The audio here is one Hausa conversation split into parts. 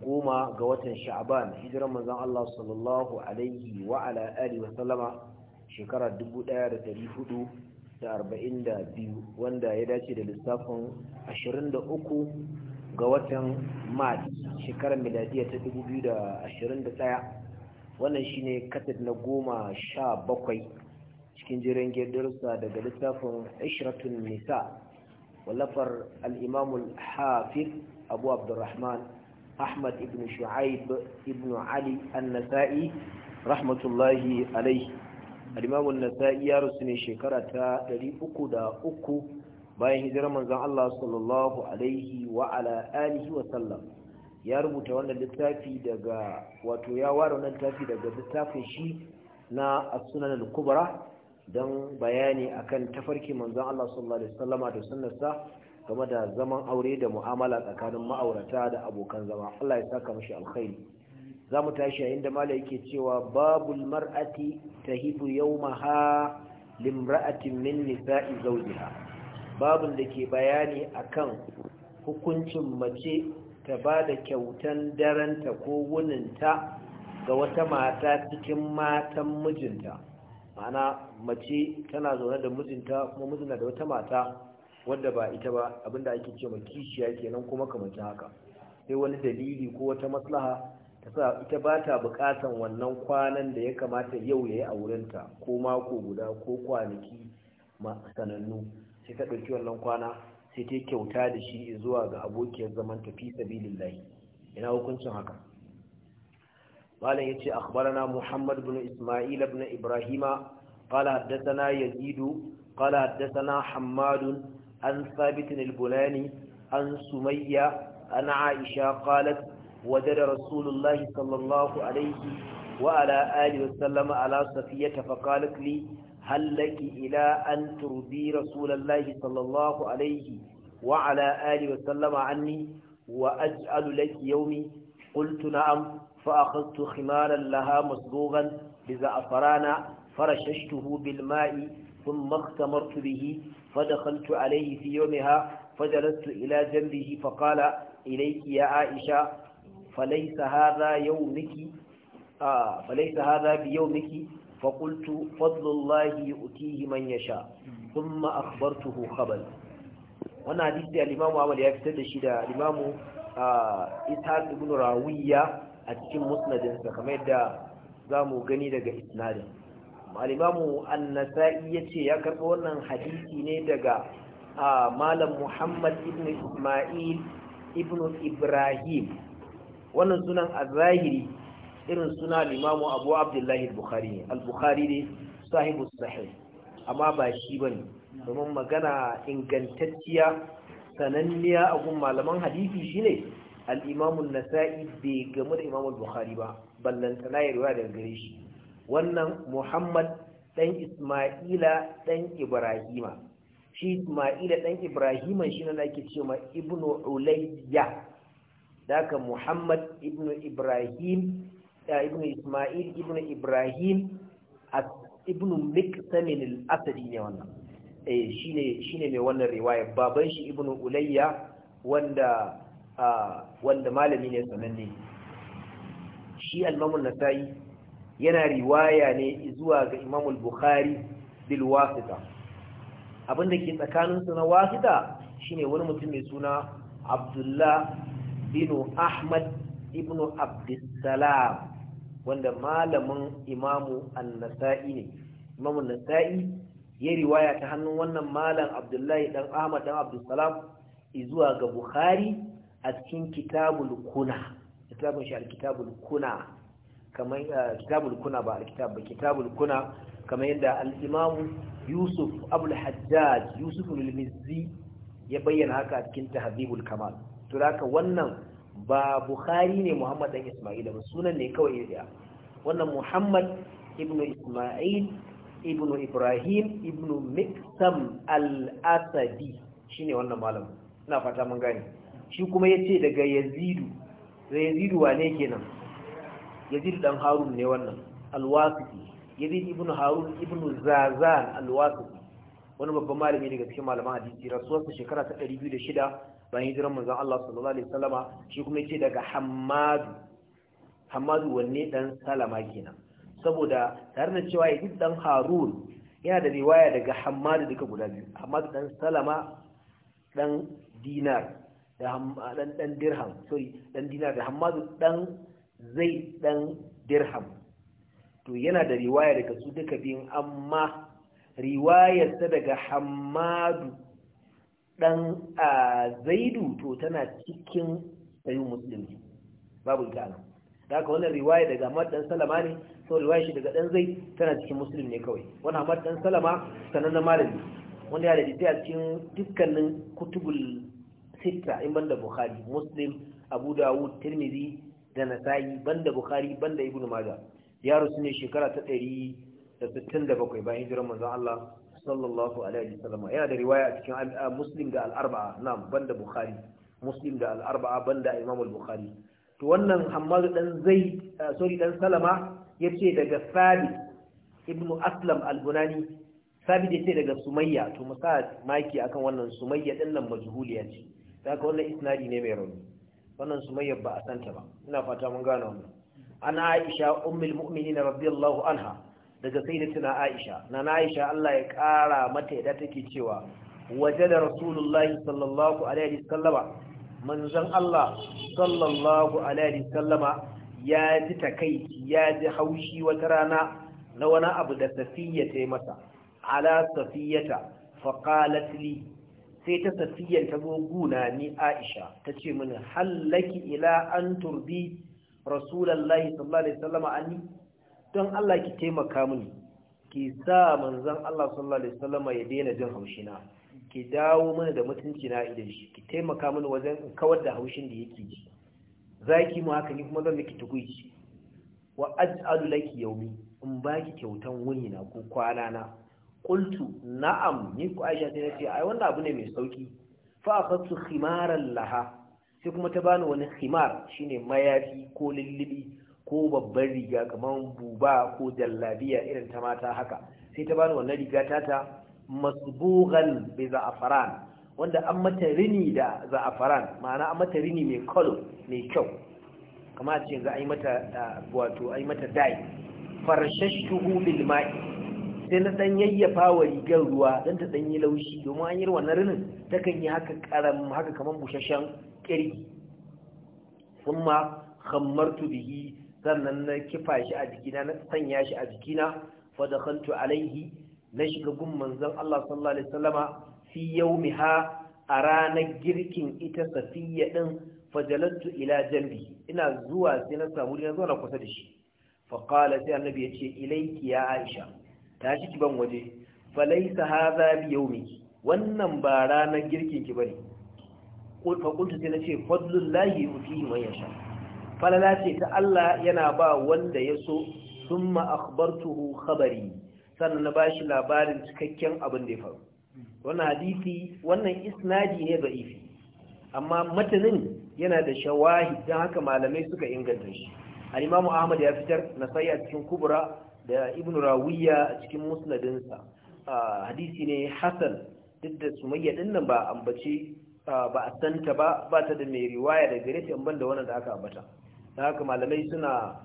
goma ga watan sha'ban hijiran manzon Allah sallallahu alaihi wa ala alihi wa sallama shekarar 1442 wanda ya dace da lissafin 23 ga watan Mars shekarar miladiya ta 2021 wannan shine kaset na goma sha bakwai cikin jiran darsa daga lissafin ishratun nisa wallafar al-imamul hafiz abu abdurrahman أحمد بن شعيب بن علي النسائي رحمة الله عليه الإمام النسائي يرسل شكرة لأكد أكو bayan hijirar manzon Allah sallallahu alaihi wa ala alihi wa sallam ya rubuta wannan littafi daga wato ya ware wannan littafi daga littafin shi na as al-kubra don bayani akan tafarki manzon Allah sallallahu alaihi wasallama da sunnarsa game da zaman aure da mu'amala tsakanin ma'aurata da abokan zama Allah ya saka mashi alkhairi za mu tashi yayin da mala yake cewa babul mar'ati tahibu yawmaha limra'atin min nisa'i zawjiha babun da ke bayani akan hukuncin mace ta bada da kyautan daranta ko wuninta ga wata mata cikin matan mijinta ma'ana mace tana zaune da mijinta kuma mijinta da wata mata wadda ba ita ba abinda ake ce mai kishiya kenan kuma ta haka sai wani dalili ko wata maslaha ta sa ita ba ta bukatan wannan kwanan da ya kamata yau ya yi a wurinta ko mako guda ko kwanaki sanannu sai ta ɗauki wannan kwana sai ta kyauta da shi zuwa ga abokiyar zaman tafi sabilin layi ina hukuncin haka malam ya ce akhbarana muhammad bin ismail bin ibrahima قال حدثنا يزيد قال حدثنا حماد عن ثابت البناني عن سمية عن عائشة قالت وجد رسول الله صلى الله عليه وعلى آله وسلم على صفية فقالت لي هل لك إلى أن ترضي رسول الله صلى الله عليه وعلى آله وسلم عني وأجعل لك يومي قلت نعم فأخذت خمارا لها مصبوغا بزعفران فرششته بالماء ثم اختمرت به فدخلت عليه في يومها فجلست إلى جنبه فقال إليك يا عائشة فليس هذا يومك آه فليس هذا بيومك فقلت فضل الله يؤتيه من يشاء ثم أخبرته خبل وانا حديثي الإمام عمل يفتد الشدى الإمام إسحاق آه بن راوية أتكلم مسندا كما يدى zamu gani daga isnadin malimamu annasa'i ya ce ya karɓi wannan hadisi ne daga malam muhammad ibn ismail ibn ibrahim wannan sunan a zahiri irin suna limamu abu abdullahi al-bukhari al-bukhari ne sahibu sahih amma ba shi ne. domin magana ingantacciya sananniya a gun malaman hadisi shine al-imamu nasa'i bai gamu da imamu bukhari ba ballantana ya ruwa daga gare shi wannan muhammad ɗan ismaila ɗan ibrahima shi ismaila ɗan ibrahima shi na ake ce ma ibnu ulayya daga muhammad ibnu ibrahim ibnu ismail ibnu ibrahim ibnu miksamin al'asadi ne wannan eh, shi ne mai wannan riwaya baban shi ibnu ulayya wanda ah, wanda malami ne sananne shi almamun nasa'i yana riwaya ne zuwa ga imamul bukhari bil wasita abinda ke tsakaninsu na wasita shine wani mutum mai suna abdullah bin ahmad ibn abdussalam wanda malamin imamu annasa'i ne imamun nasa'i ya riwaya ta hannun wannan malam abdullahi dan ahmad dan abdussalam zuwa ga bukhari a cikin kitabul kuna kitabun shi al-kitabul kuna kamar eh, kitabul kuna ba alkitab ba kitabul kuna kamar yadda al-imam yusuf abul hajjaj yusuf al-mizzi ya bayyana haka a cikin tahdhibul kamal to haka wannan ba bukhari ne muhammad dan isma'il ba sunan ne kawai ya wannan muhammad ibnu isma'il ibnu ibrahim ibnu miksam al-asadi shine wannan malam. ina fata mun gane shi kuma yace daga yazidu yazidu wane kenan yazid dan harun ne wannan alwasiti yazid ibn harun ibn zazan alwasiti wani babban malami daga cikin malaman hadisi rasuwarsa shekara ta 206 bayan hijiran manzon Allah sallallahu alaihi wasallama shi kuma yace daga hammadu hammadu wanne dan salama kenan saboda tare da cewa yazid dan harun yana da riwaya daga hammadu duka guda biyu hammadu dan salama dan dinar da dan dirham sorry dan dinar da hammadu dan zai dan dirham to yana da riwaya daga su duka biyun amma riwayarsa daga hamadu dan zaidu to tana cikin sayin musulmi babu ita nan da haka wannan riwaya daga Ahmad Salama ne so riwaya shi daga dan Zai tana cikin Muslim ne kawai wannan Ahmad Salama sanan na malami wanda ya da a cikin dukkanin kutubul sita in banda Bukhari Muslim Abu Dawud Tirmidhi da nasa'i banda bukhari banda ibnu maja ya rusu ne shekara ta ɗari da sittin bayan hijirar manzon Allah sallallahu alaihi wasallam yana da riwaya a cikin muslim da al-arba'a na'am banda bukhari muslim da al-arba'a banda imam al-bukhari to wannan hammadu dan zai sorry dan salama yace daga sabit ibnu aslam al-bunani sabit yace daga sumayya to musa maki akan wannan sumayya din nan majhuliya ce haka wannan isnadi ne mai rauni wannan sumayya ba a santa ba ina fata mun gane wannan an aisha ummul mu'minin radiyallahu anha daga sayyidatina aisha na aisha Allah ya kara mata yadda take cewa wajada rasulullahi sallallahu alaihi wasallama manzon Allah sallallahu alaihi wasallama ya ji takaici ya ji haushi wata rana na wani abu da safiya ta yi masa ala safiyata faqalat li sai ta tafiyar ta goguna ni aisha ta ce mini hallaki ila an turbi Rasulallah! sallallahu alaihi wasallam anni don Allah ki taimaka mini ki sa manzon Allah sallallahu alaihi wasallam ya daina jin haushina ki dawo mini da mutunci na idan shi ki taimaka mini wajen kawar da haushin da yake ji zaki mu haka ni kuma zan miki tukuici wa aj'alu laki yawmi in baki kyautan wuni na ko kwana na qultu na'am ni ku aisha sai ce ai wannan abu ne mai sauki fa akhadtu khimaran laha sai kuma ta bani wani khimar shine mayafi ko lullubi ko babban riga kamar buba ko jallabiya irin ta mata haka sai ta bani wannan riga ta masbughan bi za'afaran wanda an mata rini da zafaran ma'ana an mata rini mai kalo mai kyau kamar ce yanzu ai mata wato ai mata dai farashashtuhu bil ma'i sai na dan yayyafa wa rigar ruwa don ta dan yi laushi domin an yi wannan rinin takan yi haka karam haka kaman Sun ma kuma khammartu sannan na kifa shi a jikina na sanya shi a jikina Fadakantu dakhaltu alaihi na shiga gun manzon Allah sallallahu alaihi fi a ranar girkin ita safiya din fajalattu ila jambi ina zuwa sai na samu na zuwa na kusa da shi fa sai annabi yace ilaiki ya aisha tashi ki ban waje falaisa hadha bi yawmiki wannan ba ranar girkin ki bane na ce, kuntu sai nace fadlullahi yutihi man yasha falala ce ta Allah yana ba wanda ya so thumma akhbartuhu khabari sannan na bashi labarin cikakken abin da ya faru wannan hadisi wannan isnadi ne ifi amma matanin yana da shawahi don haka malamai suka inganta shi Alimamu ahmad ya fitar na sai a cikin kubra da ibn rawiya a cikin musnadinsa hadisi ne Hassan duk da sumayya din nan ba ambace ba a santa ba ba ta da mai riwaya da gare ta ban da wannan da aka ambata da haka malamai suna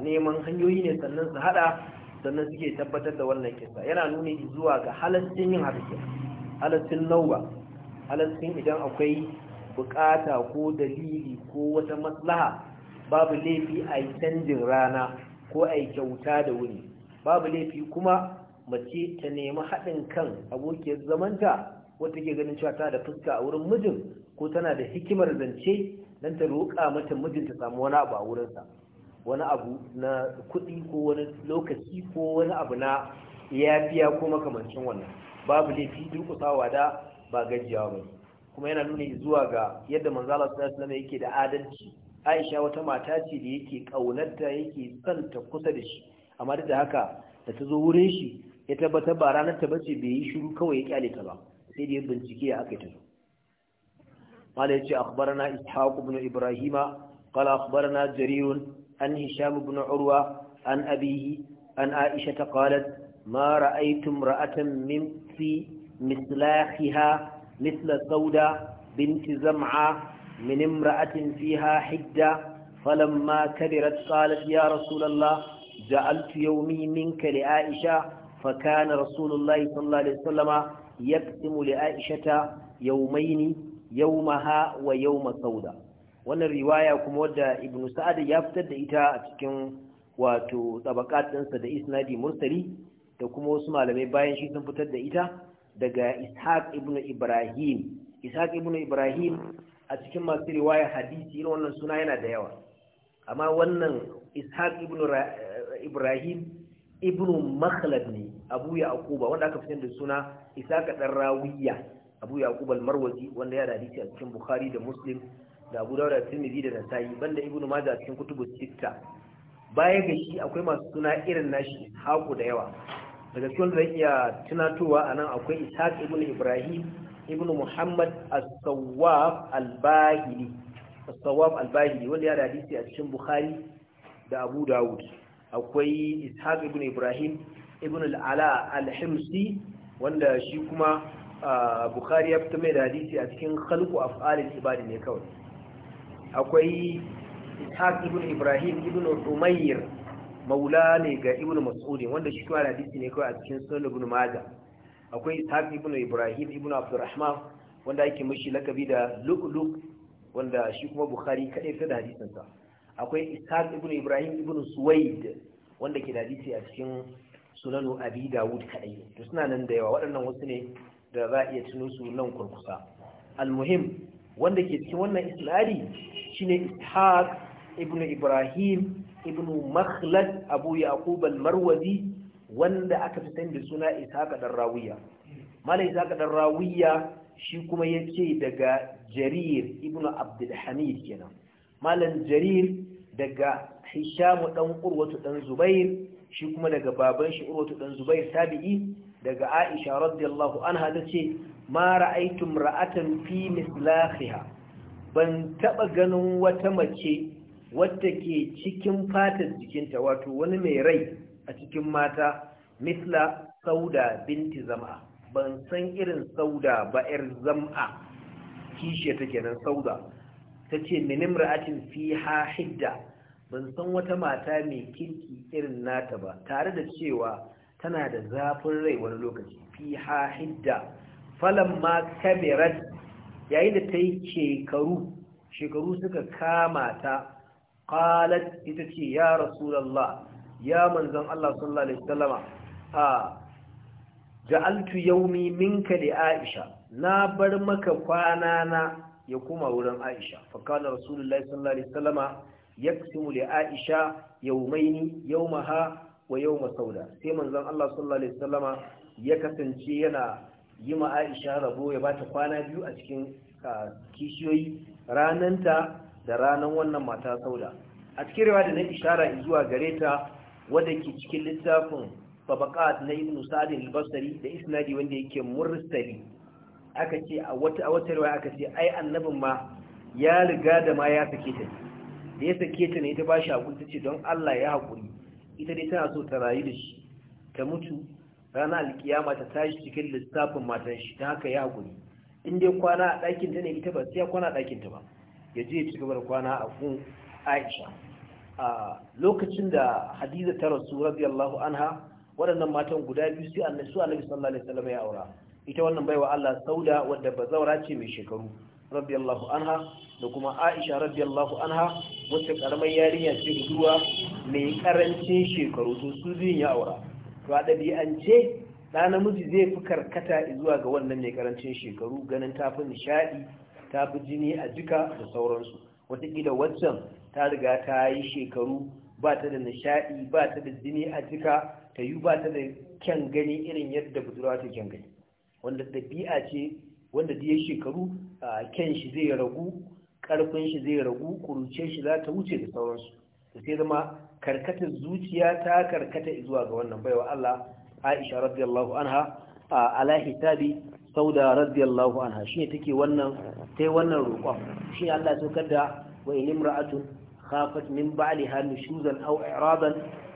neman hanyoyi ne sannan su hada sannan suke tabbatar da wannan kisa yana nuni zuwa ga halaccin yin haka halaccin nauba halaccin idan akwai bukata ko dalili ko wata maslaha babu laifi a yi canjin rana ko a yi kyauta da wuri babu laifi kuma mace ta nemi haɗin kan abokiyar zamanta wata ke ganin cewa ta da fuska a wurin mijin ko tana da hikimar zance don ta roƙa mata mijin ta samu wani abu a wurinsa wani abu na kuɗi ko wani lokaci ko wani abu na yafiya ko makamancin wannan babu laifi durƙusawa da ba gajiyawa ba kuma yana nuna zuwa ga yadda manzala sallallahu alaihi wasallam yake da adalci aisha wata mata ce da yake ƙaunarta yake santa kusa da shi amma duk da haka da ta zo wurin shi ya tabbatar ba ranar ta bace bai yi shiru kawai ya kyale ta ba sai da ya bincike ya aka ta zo mala yace akhbarana ishaq ibn ibrahima qala akhbarana jarir an hisham ibn urwa an abihi an aisha ta qalat ma ra'aytu ra'atan min fi mislahiha mithla sauda binti zam'a من امرأة فيها حجة فلما كبرت قالت يا رسول الله جعلت يومي منك لعائشة فكان رسول الله صلى الله عليه وسلم يقسم لعائشة يومين يومها ويوم سودا wannan riwaya kuma wadda ibnu sa'ad ya fitar da ita a cikin wato tabaqatinsa da isnadi mursali da kuma wasu malamai bayan shi sun fitar da ita daga ishaq ibnu ibrahim ishaq ibrahim a cikin masu riwaya hadisi irin wannan suna yana da yawa amma wannan ishaq ibn ibrahim ibn makhlad ne abu yaquba wanda aka fitar da suna ishaq dan rawiya abu yaqub al-marwazi wanda ya da hadisi a cikin bukhari da muslim da abu dawud da tirmidhi da nasa'i banda ibn majah a cikin kutubus sitta baya ga shi akwai masu suna irin nashi haku da yawa daga cikin da iya tunatowa anan akwai ishaq ibn ibrahim ibn muhammad as-sawwab al-bahili as-sawwab al-bahili wanda ya da hadisi a cikin bukhari da abu dawud akwai ishaq ibn ibrahim ibn al-ala al-himsi wanda shi kuma bukhari ya fito mai da hadisi a cikin khalqu af'alil ibad ne kawai akwai ishaq ibn ibrahim ibn umayr maula ne ga ibn mas'ud wanda shi kuma hadisi ne kawai a cikin sunan ibn majah akwai ishaq ibn ibrahim ibn abdurrahman wanda ake mishi lakabi da lu'lu wanda shi kuma bukhari kadai ta da hadisin sa akwai ishaq ibn ibrahim ibn suwaid wanda ke da hadisi a cikin sunanu abi dawud kadai to suna nan da yawa waɗannan wasu ne da za a iya tuno su nan kurkusa almuhim wanda ke cikin wannan islari shine ishaq ibn ibrahim ibn makhlad abu yaqub al-marwazi wanda aka fi sani da suna ishaqa dan rawiya malam ishaqa dan rawiya shi kuma yace daga jarir ibnu abdul hamid kenan malam jarir daga hishamu dan urwatu dan zubair shi kuma daga baban shi urwatu dan zubair tabi'i daga aisha radiyallahu anha ce ma ra'aytum ra'atan fi mislahiha ban taba ganin wata mace wadda ke cikin fatar jikinta wato wani mai rai a cikin mata misla sauda binti zam'a ban san irin sauda ba yar zam'a kishe ta kenan sauda ta ce minim fi hidda ban san wata mata mai kirki irin nata ba tare da cewa tana da zafin rai wani lokaci fi ha hidda falan ma kabirat yayin da ta yi shekaru shekaru suka kama ta qalat ita ce ya rasulallah ya manzon Allah sallallahu alaihi wasallama a ja'altu yaumi minka li Aisha na bar maka kwana na ya kuma wurin Aisha fa kana rasulullahi sallallahu alaihi wasallama yaksimu li Aisha yaumaini yawmaha wa yauma sauda sai manzon Allah sallallahu alaihi wasallama ya kasance yana yi ma Aisha rabo ya bata kwana biyu a cikin kishiyoyi ta da ranan wannan mata sauda a cikin rawa da na ishara zuwa gare ta wanda ke cikin littafin fabakat na ibn sa'd al-basri da isnadi wanda yake mursali aka ce a wata a wata riwaya aka ce ai annabin ma ya riga da ma ya sake ta da ya sake ta ne ita ba shi hakuri tace don Allah ya hakuri ita dai tana so ta rayu da shi ta mutu ranar alkiyama ta tashi cikin lissafin matan shi ta haka ya hakuri in dai kwana a ɗakin ta ne ita ba sai kwana a ɗakin ta ba ya je ya ci gaba da kwana a gun Aisha a lokacin da hadiza ta rasu radiyallahu anha waɗannan matan guda biyu su annabi su annabi sallallahu alaihi wasallam ya aura ita wannan baiwa Allah sauda wadda bazaura ce mai shekaru radiyallahu anha da kuma Aisha radiyallahu anha wacce karamar yarinya ce guduwa mai karancin shekaru to su biyun ya aura to a ce ɗa namiji zai fi karkata zuwa ga wannan mai karancin shekaru ganin tafi nishaɗi tafi jini a jika da sauransu watakila waccan ta riga ta yi shekaru ba ta da nishaɗi ba ta da jini a jika ta yi ba ta da kyan gani irin yadda budurwa ta kyan gani wanda ɗabi'a ce wanda da ya shekaru kyan shi zai ragu ƙarfin shi zai ragu kuruce shi za ta wuce da sauransu da sai zama karkatar zuciya ta karkata zuwa ga wannan baiwa Allah Aisha radiyallahu anha alahi tabi sauda radiyallahu anha shine take wannan tai wannan roƙon shi Allah ya saukar da wa in imra'atun khafat min ba'liha nushuzan aw i'radan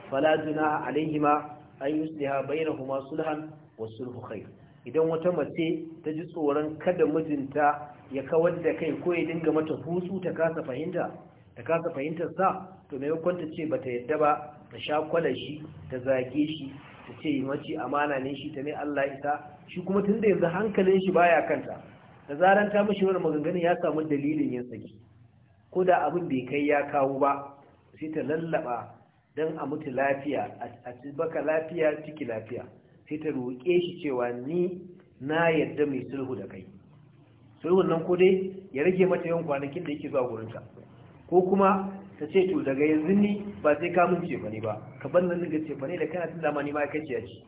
fala junaha alayhima an yusliha bainahuma sulhan was sulhu khair idan wata mace ta ji tsoron kada mijinta ya kawar da kai ko ya dinga mata husu ta kasa fahimta ta kasa fahimtar sa to maimakon ta ce bata yadda ba ta sha kwalashi shi ta zage shi ta ce mace amana ne shi ta ne Allah Isa shi kuma tun da yanzu hankalin shi baya kanta da zaran ta mishi wani maganganun ya samu dalilin yin saki ko da abin bai kai ya kawo ba sai ta lallaba don a mutu lafiya a baka lafiya ciki lafiya sai ta roƙe shi cewa ni na yadda mai sulhu da kai sulhun nan ko dai ya rage mata yawan kwanakin da yake zuwa gurinka ko kuma ta ce to daga yanzu ni ba sai ka mun cefa ne ba ka bar nan dinga cefa ne da kana tun dama ma kace ya ci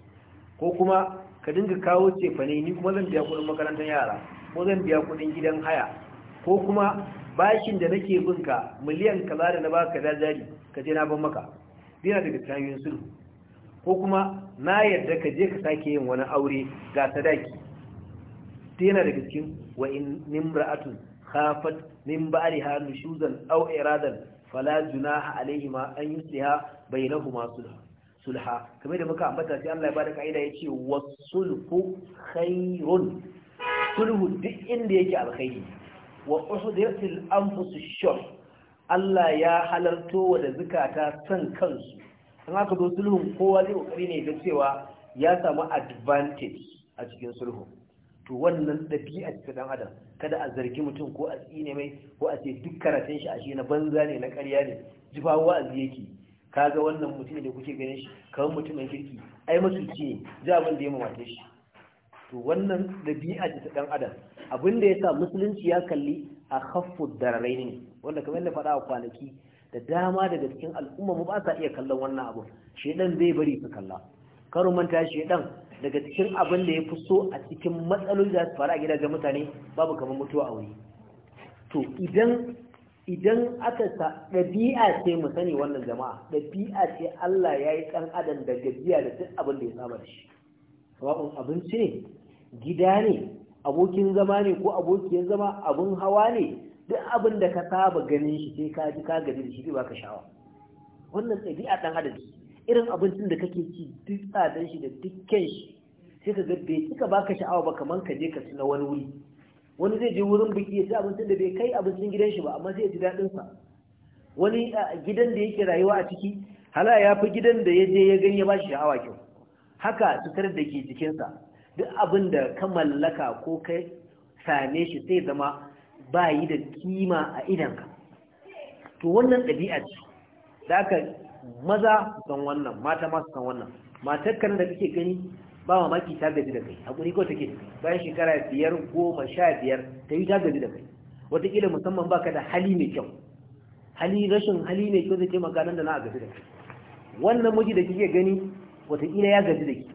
ko kuma ka dinga kawo cefa ne ni kuma zan biya kudin makarantar yara ko zan biya kuɗin gidan haya ko kuma bashin da nake bin ka miliyan kaza da na baka da jari ka je na ban maka dina daga tayoyin sulhu ko kuma na yarda ka je ka sake yin wani aure ga sadaki yana daga cikin wa in nimra'atun khafat min ba'liha nushuzan aw iradan fala junaha alaihima an yusliha bainahuma sulha sulha kamar da muka ambata sai Allah ya bada kaida yace wasulhu khairun sulhu duk inda yake alkhairi wa uhdiratil anfus shur Allah ya halarto wa da zukata san kansu an haka zo sulhun kowa zai kokari ne da cewa ya samu advantage a cikin sulhun to wannan ɗabi'ar ta ɗan adam kada a zargi mutum ko a tsine mai ko a ce duk karatun shi a shi na banza ne na ƙarya ne jifa wa'azi yake kaga wannan mutum da kuke ganin shi kawai mutumin kirki ai masuci ne ji abin da ya mamace shi to wannan ɗabi'a ta ɗan adam abin da ya sa musulunci ya kalli a haffu dararai ne wanda kamar da faɗa a kwanaki da dama daga cikin al'umma mu ba sa iya kallon wannan abu shedan zai bari su kalla karu manta shedan daga cikin abin da ya fi so a cikin matsaloli da su faru a gidajen mutane babu kamar mutuwa a wuri to idan aka sa ɗabi'a ce mu sani wannan jama'a ɗabi'a ce Allah ya yi ɗan adam da gajiya da duk abin da ya saba da shi sababin abinci ne gida ne abokin zama ne ko abokiyar zama abin hawa ne duk abin da ka saba ganin shi sai ka ji ka gaji da shi zai baka shawa wannan ɗabi'a ɗan adam ce irin abincin da kake ci duk tsadar shi da dukkan shi sai ka ga bai cika baka sha'awa ba kamar ka je ka ci na wani wuri wani zai je wurin biki ya ci abincin da bai kai abincin gidan shi ba amma zai ji daɗin sa wani gidan da yake rayuwa a ciki hala ya fi gidan da ya je ya gani ya ba sha'awa kyau haka cutar da ke jikinsa duk abin da ka mallaka ko ka same shi sai zama ba yi da kima a idanka to wannan ɗabi'a ce da aka maza su san wannan mata ma su san wannan matar kan da kake gani ba mamaki ta gaji da kai hakuri ko take bayan shekara biyar goma sha biyar ta yi ta gaji da kai wataƙila musamman baka da hali mai kyau hali rashin hali mai kyau zai taimaka nan da na a gaji da kai wannan miji da kike gani wataƙila ya gaji da ki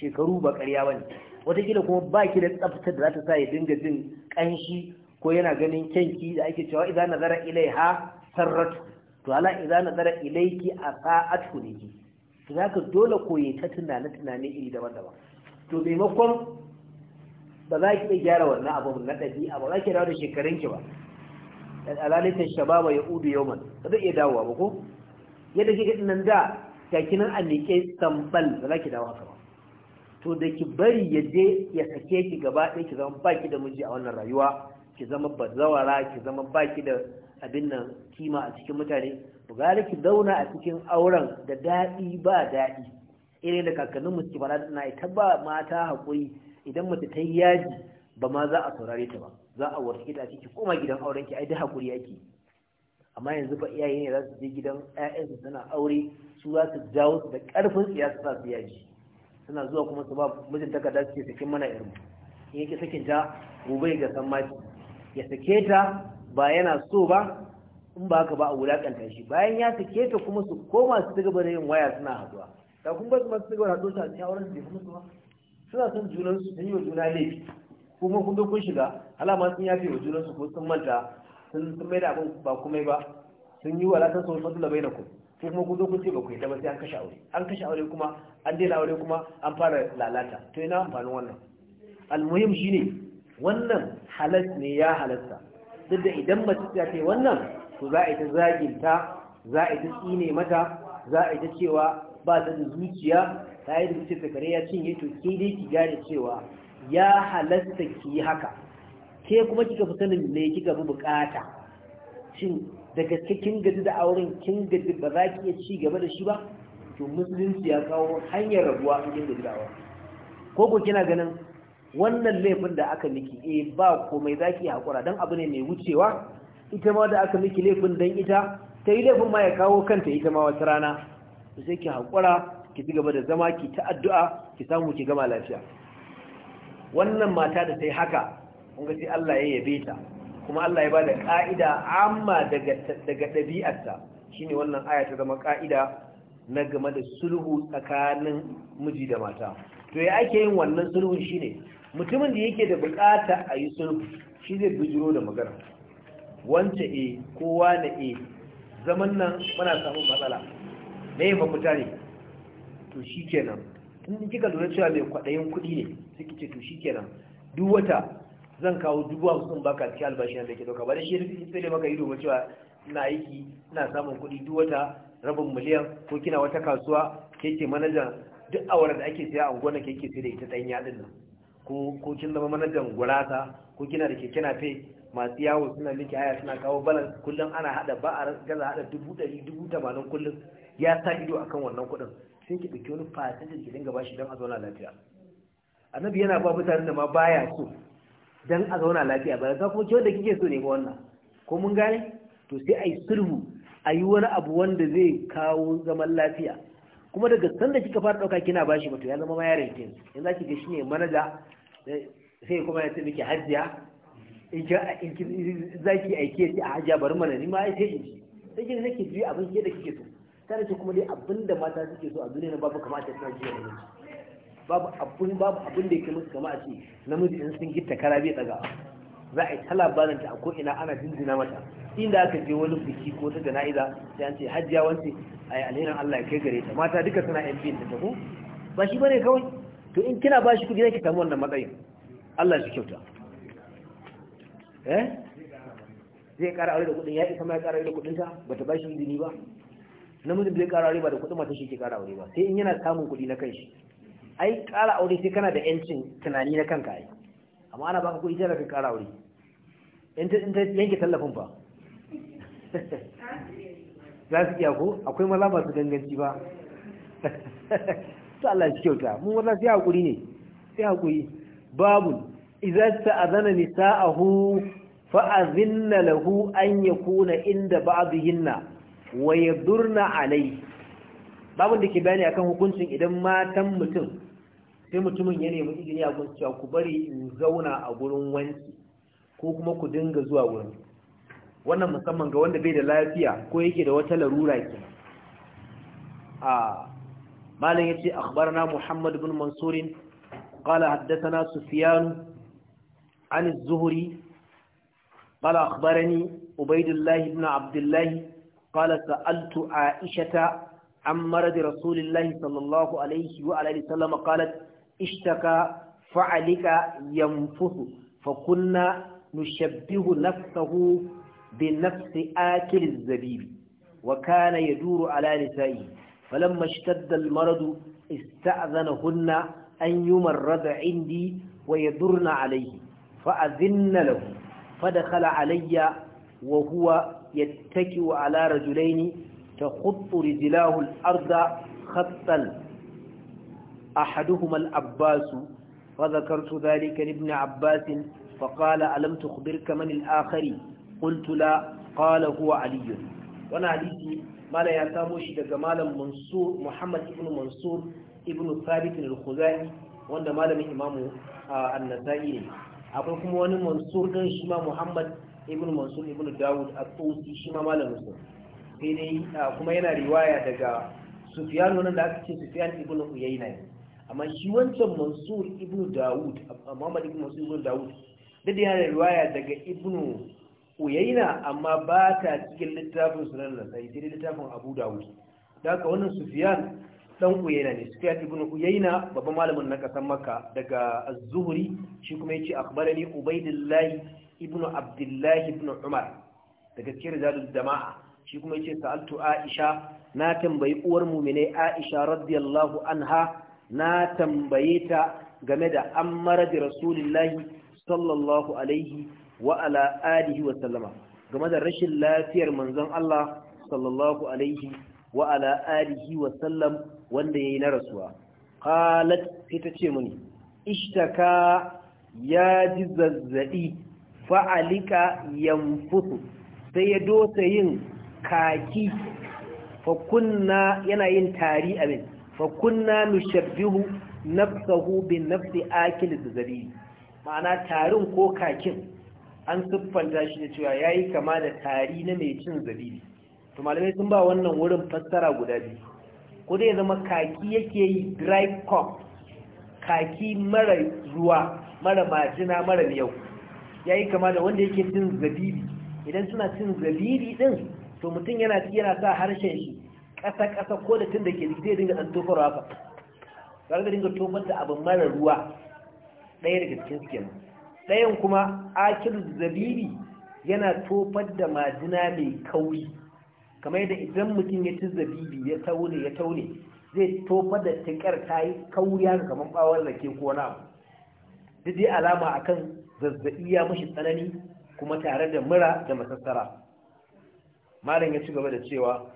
shekaru ba ƙarya ba ne wataƙila kuma ba ki da tsaftar da za ta sa ya dinga jin ƙanshi ko yana ganin kyanki da ake cewa idan nazara ilaiha sarratu to ala idza nazara ilayki asa'at za zaka dole koyi ta tunani-tunani iri daban-daban to maimakon ba za ki gyara wannan abu na ɗabi'a ba za ki dawo da shekarun ki ba alalitan shababa ya udu yawman ba zai iya dawowa ba ko yadda kika nan da kaki nan a miƙe sambal ba za ki dawo haka ba to da ki bari ya je ya sake ki gaba ɗaya ki zama baki da miji a wannan rayuwa ki zama bazawara ki zama baki da abin nan kima a cikin mutane galiki ki zauna a cikin auren da daɗi ba daɗi irin da kakannin musu fara na ita ba mata haƙuri idan mace ta yaji ba ma za a saurare ta ba za a warke ta ciki koma gidan auren ki ai da haƙuri yake amma yanzu ba iyaye ne za su je gidan su suna aure su za su jawo su da karfin tsiya su sa su yaji suna zuwa kuma su ba mijin da su ke sakin mana irin in yake sakin ta gobe ga san ya sake ta ba yana so ba in ba haka ba a wulakanta shi bayan ya sake ta kuma su koma su cigaba da yin waya suna haduwa ta kun ba su masu cigaba da su a shawarar su bai musu ba suna son junan su sun yi wa juna laifi kuma kun ga kun shiga alama sun yafe wa junan su ko sun manta sun sun mai da abin ba komai ba sun yi wala sun sau fadula bai na ku ko kuma kun zo kun ce ba ku yi ta sai an kashe aure an kashe aure kuma an daina aure kuma an fara lalata to ina amfanin wannan almuhim shine wannan halas ne ya halasta duk da idan mace ta ce wannan to za a yi zaginta za a yi tsine mata za a yi cewa ba ta da zuciya ta yi da ce kare ya cinye to ke dai ki gane cewa ya halasta ki yi haka ke kuma kika fi sanin me kika fi bukata shin da gaske kin gaji da auren kin gaji ba za ki iya ci gaba da shi ba to musulunci ya kawo hanyar rabuwa in kin gaji da auren ko ko kina ganin wannan laifin da aka miki e ba komai zaki hakura dan abu ne mai wucewa ita ma da aka miki laifin dan ita ta yi laifin ma ya kawo kanta ita ma wata rana sai ki haƙura ki ci gaba da zama ki ta addu'a ki samu ki gama lafiya wannan mata da ta yi haka kun ga sai Allah ya yabe ta kuma Allah ya ba da ƙa'ida amma daga ɗabi'arta shi ne wannan aya ta zama ka'ida na game da sulhu tsakanin miji da mata to ya ake yin wannan sulhun shine mutumin da yake da bukata a yi sulhu shi zai bijiro da magana wance e eh, kowa na e eh, zaman nan muna samun matsala na yi ne to shi kenan in kika lura cewa mai kwaɗayin kuɗi ne suke ce to shi kenan duk wata zan kawo dubu hamsin baka cikin albashi nan da ke ɗauka ba da shi rufi sai maka ido ba cewa ina aiki ina samun kuɗi duk wata rabin miliyan ko kina wata kasuwa keke manajan duk awar da ake saya a gona keke sai da ita ɗanya ɗin nan ko kin zama manajan gurasa ko kina da keke nafe masu yawo suna miki aya suna kawo balan kullum ana hada ba a gaza hada dubu ɗari dubu tamanin kullum ya sa ido akan wannan kuɗin sai ki dauki wani fasajin ki dinga bashi don a zauna lafiya annabi yana ba mutane da ma baya so don a zauna lafiya ba za kuma ki wanda kike so ne ba wannan ko mun gane to sai a yi sulhu a yi wani abu wanda zai kawo zaman lafiya kuma daga sanda kika fara ɗauka kina bashi ba to ya zama ma yaron kin in za ki ga shi ne manaja sai kuma ya ce miki hajjiya in ki zaki aike ki a hajjiya bari mana ni ma ai sai in sai kin sai ki ji abin ke da kike so Kana ce kuma dai abin da mata suke so a duniya na babu kamata ta ji da namiji babu abun babu abin da yake musu kama a ce namiji in sun gitta kara bai daga za a yi ta labarin ta a ko ina ana jinjina mata inda aka je wani biki ko ta jana'iza sai an ce hajjiya wance yi alherin Allah ya kai gare ta mata duka suna yan biyan ta ko ba shi bane kawai to in kina ba shi kudi zai ki samu wannan matsayin Allah shi kyauta eh zai ƙara aure da kudin ya isa ma ya ƙara aure da kudin ta ta ba shi izini ba namiji zai ƙara aure ba da kudin mata shi ke ƙara aure ba sai in yana samun kudi na kanshi ai ƙara aure sai kana da yancin tunani na kanka ai amma ana baka kudi sai ka ƙara aure in ta yanke tallafin fa za su iya ko akwai maza masu ganganci ba to Allah shi kyauta Mun wata sai hakuri ne sai hakuri babu idza ta'azana nisa'ahu azinna lahu an yakuna inda ba'dihinna wa yadurna alai babu da ke bayani akan hukuncin idan matan mutum sai mutumin ya nemi izini a cewa ku bari in zauna a gurin wanki ko kuma ku dinga zuwa gurin wannan musamman ga wanda bai da lafiya ko yake da wata larura ke a ah, malin yace akhbarana muhammad ibn mansur qala haddathana sufyan an az-zuhri qala akhbarani ubaydullah ibn abdullah qala sa'altu aishata amara di rasulillahi sallallahu alaihi wa alihi sallam qalat ishtaka fa'alika yanfuhu fa kunna nushabbihu nafsuhu bi nafsi akil wa kana yaduru ala nisa'ihi falamma ishtadda al-maradu ista'zanahunna an yumarrada indi wa yadurna alayhi fa adhinna lahu fadakhala alayya wa huwa yattaki'u ala rajulaini ta rijlahu al-arda khattan أحدهما العباس فذكرت ذلك لابن عباس فقال ألم تخبرك من الآخر قلت لا قال هو علي وانا حديثي mala ya samo shi daga malam mansur muhammad ibn mansur ibn thabit al-khuzai wanda malamin imamu an-nasa'i ne akwai kuma wani mansur din shi ma muhammad ibn mansur ibn dawud at-tusi shi ma malamin sa sai dai kuma yana riwaya daga sufyan wannan da aka ce sufyan ibn uyayna ne amma shi wancan mansur ibn dawud muhammad ibn mansur ibn dawud da yana riwaya daga ibn uyaina amma ba ta cikin littafin sunan nasai sai littafin abu dawud da wannan sufiyan dan uyaina ne sufiyan ibn uyaina babban malamin na kasan makka daga az-zuhri shi kuma yace akhbarani ubaidillah ibn abdullah ibn umar daga cikin rijalul jama'a shi kuma yace sa'altu aisha na tambayi uwar mu'mine aisha radiyallahu anha na tambaye ta game da amara da rasulullahi sallallahu alaihi wa ala alihi wa sallama game da rashin lafiyar manzon Allah sallallahu alaihi wa ala alihi wa sallam wanda yayi na rasuwa qalat sai ta ce mini ishtaka ya ji zazzabi fa'alika yanfutu sai ya dosa yin kaki fa kunna yana yin tari abin fa kunna nushabbihu nafsahu bin nafsi akil zazzabi ma'ana tarin ko kakin an siffanta shi da cewa yayi kama da tari na mai cin zabibi to malamai sun ba wannan wurin fassara guda biyu ko ya zama kaki yake yi dry cough kaki mara ruwa mara majina mara miyau yayi kama da wanda yake cin zabibi idan suna cin zabibi din to mutum yana yana sa harshen shi ƙasa ƙasa ko da tun da ke zai dinga ɗan tofarwa haka ga dinga tofar da abin mara ruwa ɗaya daga cikin su kenan ɗayan kuma akil zabibi yana tofar da majina mai kauri kamar yadda idan mutum ya ci zabibi ya taune ya taune zai tofar da tikar ta yi kauri haka kamar bawon rake ko na duk dai alama akan zazzabi ya mashi tsanani kuma tare da mura da masassara malam ya ci gaba da cewa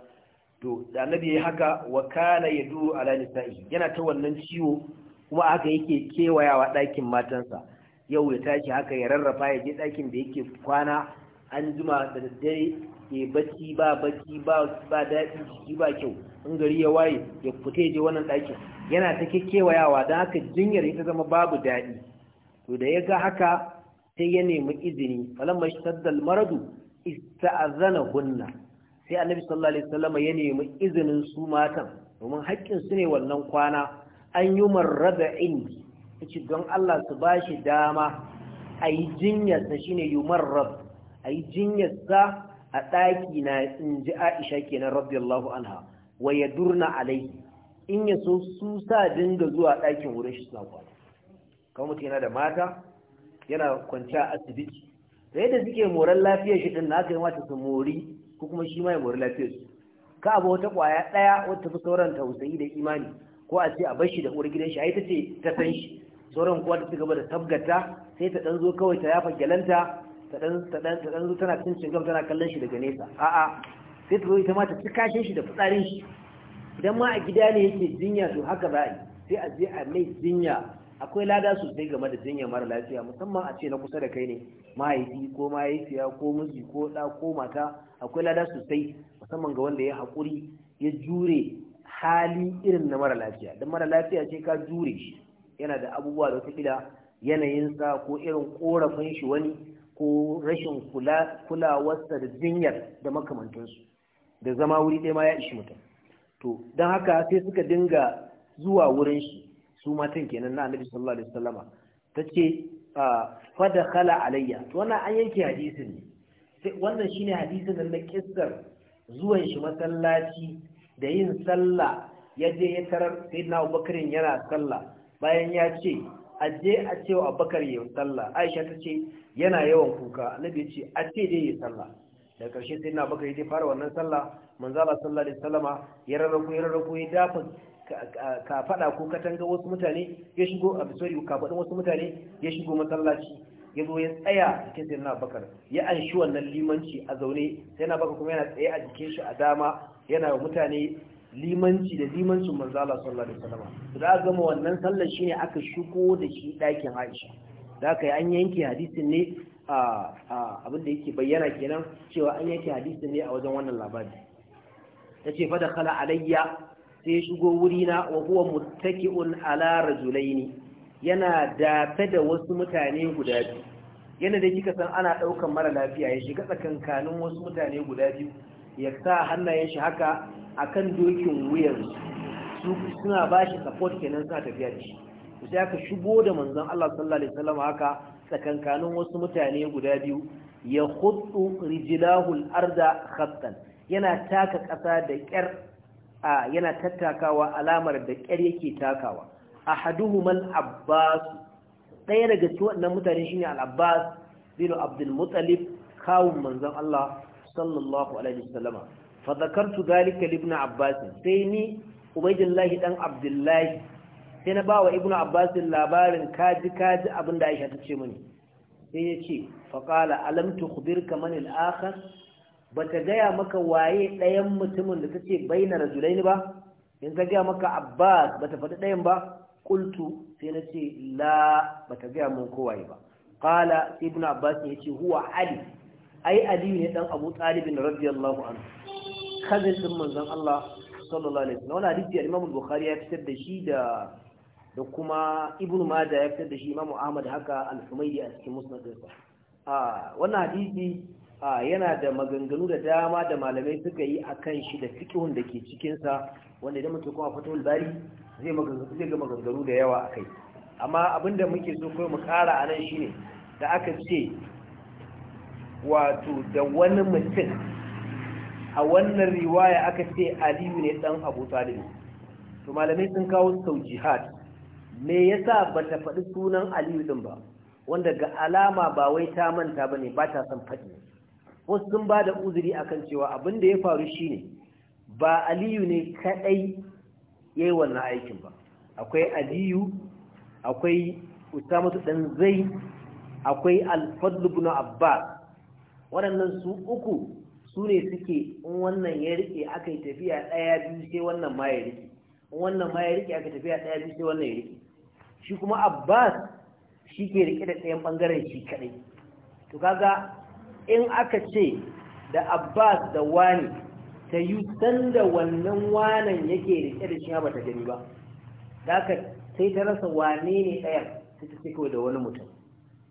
to da annabi ya haka wa kana yadu ala nisa'i yana ta wannan ciwo kuma haka yake kewayawa ɗakin matansa yau ya tashi haka ya rarrafa ya je ɗakin da yake kwana an zuma da daddare ya bacci ba bacci ba ba daɗi jiki ba kyau in gari ya waye ya fita ya je wannan ɗakin yana ta kekewayawa don haka jinyar ita zama babu daɗi to da ya ga haka sai ya nemi izini falamma shaddal maradu ista'azana hunna sai annabi sallallahu alaihi wasallam ya nemi izinin su matan domin haƙƙin su ne wannan kwana an yi marrada indi ta ce don Allah su ba shi dama a yi jinyarsa shine ne yumar rab a yi jinyarsa a ɗaki na in ji aisha kenan radiyallahu anha wa ya durna alai in ya so su sa dinga zuwa ɗakin wurin shi suna kwana kamar mutu yana da mata yana kwanciya asibiti da yadda suke moran lafiyar shi din na aka yi mata su mori ko kuma shi ma ya mori lafiyar su ka abu wata kwaya ɗaya wata fi sauran tausayi da imani ko a ce a bashi da uwar gidan shi ai ta ce ta san shi sauran kuwa ta gaba da tabgata sai ta ɗan zo kawai ta yafa gyalanta ta ɗan zo tana cin cingam tana kallon shi daga nesa a'a sai ta zo ita ma ta ci kashin shi da fitsarin shi idan ma a gida ne yake jinya to haka za a yi sai a je a mai jinya akwai lada sosai game da jinya mara lafiya musamman a ce na kusa da kai ne mahaifi ko mahaifiya ko miji ko ɗa ko mata akwai lada sosai musamman ga wanda ya haƙuri ya jure hali irin na mara lafiya don mara lafiya ce ka jure shi yana da abubuwa da wata sa ko irin korafin shi wani ko rashin kulawarsa da jinyar da makamantansu da zama wuri ɗaya ma ya ishi mutum to don haka sai suka dinga zuwa wurin shi su matan kenan na annabi sallallahu alaihi wasallama ta ce fada khala alayya to wannan an yanke hadisin ne wannan shine hadisin da na kissar zuwan shi masallaci da yin sallah ya je ya tarar sai na yana sallah bayan ya ce aje a ce wa abubakar ya sallah aisha ta ce yana yawan kuka annabi bai ce a ce dai ya sallah da karshe sai na abubakar ya fara wannan sallah manzo Allah sallallahu da ya rarraku ya rarraku ya dafa ka fada ko katanga wasu mutane ya shigo a ah, bisori ka fada wasu mutane ya shigo masallaci ya zo ya tsaya jikin sai na bakar ya anshi wannan limanci a zaune sai na bakar kuma yana tsaye a jikin shi a dama yana wa mutane limanci da limancin manzala sallallahu alaihi wasallam da gama wannan sallar shine aka shigo da shi dakin Aisha da kai an yanke hadisin ne a abin da yake bayyana kenan cewa an yanke hadisin ne a wajen wannan labari tace fa dakhala alayya sai ya shigo wuri na wa huwa muttaki'un ala rajulaini yana dafe da wasu mutane guda biyu yana da kika san ana daukan mara lafiya ya shiga tsakankanin wasu mutane guda biyu ya sa hannayen shi haka akan dokin wuyan suna ba shi support kenan suna tafiya da shi sai aka shigo da manzon Allah sallallahu alaihi wasallam haka tsakankanin wasu mutane guda biyu ya khuddu rijlahul arda khattan yana taka ƙasa da ƙyar a yana tattakawa alamar da ƙyar yake takawa ahaduhumal abbas ɗaya daga cikin waɗannan mutane shine al-abbas bin abdul muttalib kawun manzon Allah sallallahu alaihi fa dalika ibnu Abbasin, sai ni ubaidillahi dan abdullahi sai na bawa ibn Abbasin labarin kaji kaji abinda aisha ta ce mini sai ya ce fa qala alam tukhbirka man al-akhar bata gaya maka waye ɗayan mutumin da tace baina rajulaini ba in ta gaya maka abbas ta faɗi ɗayan ba qultu sai na ce la ta gaya mun kowaye ba qala ibn abbas ya ce huwa ali ai ali ne dan abu talib radiyallahu anhu kazin din manzon Allah sallallahu alaihi wasallam wannan hadisi al-Imam bukhari ya fitar da shi da da kuma Ibn Majah ya fitar da shi Imam Ahmad haka al-Humaydi a cikin Musnad ɗinsa a wannan hadisi yana da maganganu da dama da malamai suka yi akan shi da fiqhun da ke cikin sa wanda idan mutum kuma fatul bari zai maganganu zai ga maganganu da yawa akai amma abin da muke so kai mu kara anan shine da aka ce wato da wani mutum a wannan riwaya aka ce aliyu ne dan abu talib to malamai sun kawo taujihad me yasa ba ta faɗi sunan aliyu din ba wanda ga alama ba wai ta manta ba ne ba ta son faɗi wasu sun ba da uzuri akan cewa abin da ya faru shine ba aliyu ne kaɗai ya wannan aikin ba akwai aliyu akwai usamatu ɗan zai akwai alfadlu bin abbas waɗannan su uku su ne suke in wannan ya rike aka yi tafiya ɗaya biyu sai wannan ma ya rike in wannan ma ya rike aka tafiya ɗaya biyu sai wannan ya rike shi kuma abbas shi ke rike da ɗayan ɓangaren shi kaɗai to kaga in aka ce da abbas da wani ta yi sanda wannan wanan yake rike da shi ba ta gani ba da aka sai ta rasa wane ne ɗayan sai ta ce kawai da wani mutum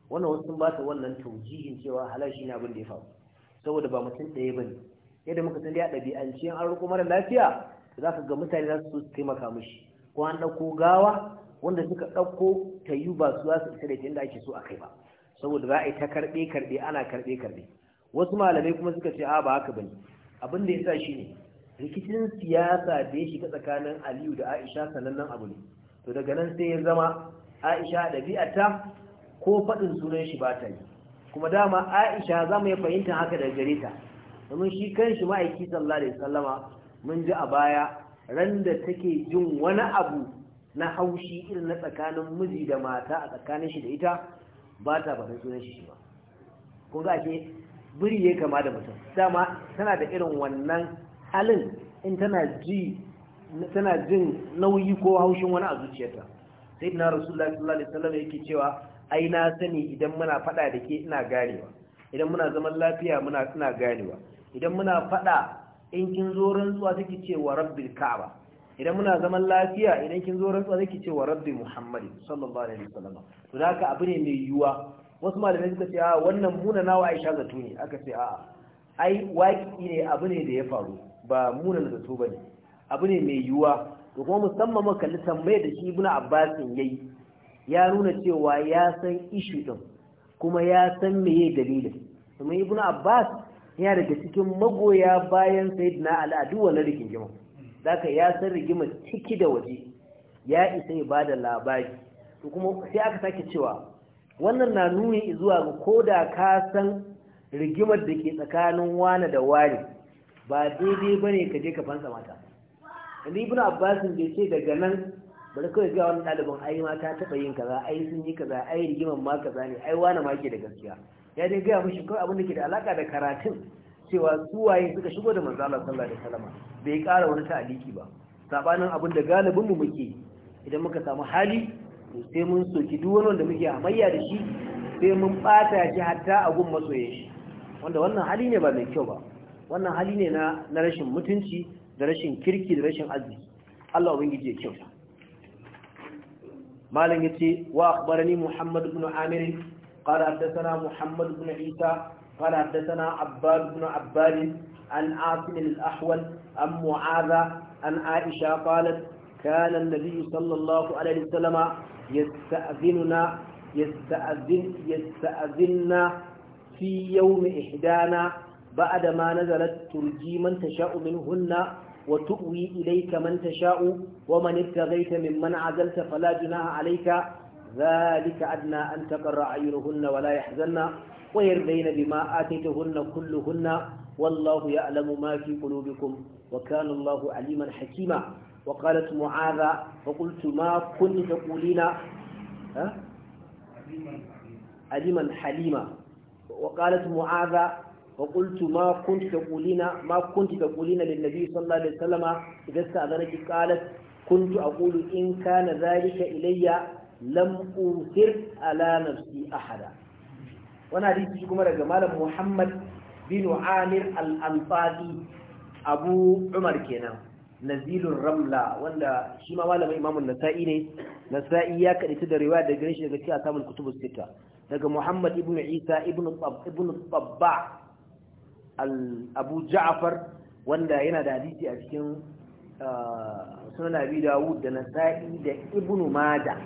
wannan wasu sun ba ta wannan taujihin cewa halar shi ne abin da ya faru saboda ba mutum ɗaya ba ne yadda muka san ya ɗabi'anci an an roƙo mara lafiya za ka ga mutane za su taimaka mishi ko an ɗauko gawa wanda suka ɗauko ta yi ba su za su isa da inda ake so a kai ba saboda za a yi ta karɓe karɓe ana karɓe karɓe wasu malamai kuma suka ce a ba haka ne. abin da ya sa shi ne rikicin siyasa da ya shiga tsakanin aliyu da aisha sanannen abu ne to daga nan sai ya zama aisha ɗabi'ata ko faɗin sunan shi ba ta yi kuma dama aisha za mu yi fahimta haka da gare ta domin shi kanshi ma'aiki sallallahu alaihi wasallama mun ji a baya ran da take jin wani abu na haushi irin na tsakanin miji da mata a tsakanin shi da ita ba ta faɗin sunan shi ba kun ga ake biri ya kama da mutum dama tana da irin wannan halin in tana ji tana jin nauyi ko haushin wani a zuciyarta sai na rasulullahi sallallahu alaihi wasallam yake cewa ai na sani idan muna faɗa da ke ina ganewa idan muna zaman lafiya muna suna ganewa idan muna faɗa in kin zo rantsuwa take cewa rabbil ka'aba idan muna zaman lafiya idan kin zo rantsuwa take cewa rabbi muhammadin sallallahu alaihi wasallam to da haka abu ne mai yiwuwa wasu malamai suka ce a wannan muna nawa aisha zato ne aka ce a'a ai waki ne abu ne da ya faru ba muna na zato bane abu ne mai yiwuwa to kuma musamman mu kalli tambayar da shi ibnu abbas yayi ya nuna cewa ya san ishu ɗin kuma ya san meye dalilin kuma ibn abbas ya daga cikin magoya bayan sai na al'adu wa wannan za zaka ya san rigima ciki da waje ya isa ya bada labari to kuma sai aka sake cewa wannan na nuni zuwa ga ko da ka san rigimar da ke tsakanin wane da wane ba daidai ba ne ka je ka fansa mata ibn abbas bai ce daga nan bari kawai ga wani ɗalibin ai ma ta taɓa yin kaza ai sun yi kaza ai rigiman ma kaza ne ai wani ma ke da gaskiya ya dai gaya mishi kawai abin da ke da alaƙa da karatun cewa su waye suka shigo da manzo Allah sallallahu alaihi wasallam bai ƙara wani ta'aliki ba sabanin abin da galibin mu muke idan muka samu hali sai mun soki duk wani wanda muke amayya da shi sai mun bata shi hatta a gun masoyin shi wanda wannan hali ne ba mai kyau ba wannan hali ne na rashin mutunci da rashin kirki da rashin arziki Allah ubangiji ya kyauta malam yace wa akhbarani muhammad ibn amir qala haddathana muhammad ibn isa qala abba abbad ibn abbad an asim al-ahwal an mu'adha an aisha qalat kana an-nabi sallallahu alaihi wasallam yasta'zinuna yasta'zin yasta'zinna fi yawm ihdana ba'da ma nazalat turji man tasha'u wa tu'wi ilai man tasha'u wa man ibtaghaita mimman azalta fala junaha alayka dhalika adna an taqarra hunna wala la yahzanna wa yardayna bima ataytahunna kulluhunna والله يعلم ما في قلوبكم وكان الله عليما حكيما وقالت معاذ فقلت ما كنت تقولين عليما حليما وقالت معاذ وقلت ما كنت تقولين ما كنت تقولين للنبي صلى الله عليه وسلم إذا استأذنك قالت كنت أقول إن كان ذلك إلي لم أوثر على نفسي أحدا وانا حديث كما رجع محمد بن عامر الأنصاري أبو عمر كينا نزيل الرملة ولا شي ما مالم إمام النسائي ne nasa'i ya kadita da riwaya daga shi daga cikin asamun kutubus sita daga Muhammad ibn Isa ibn Ibn Tabba abu ja'afar wanda yana da hadisi a cikin ah, sunan abi dawud da nasa'i da ibnu mada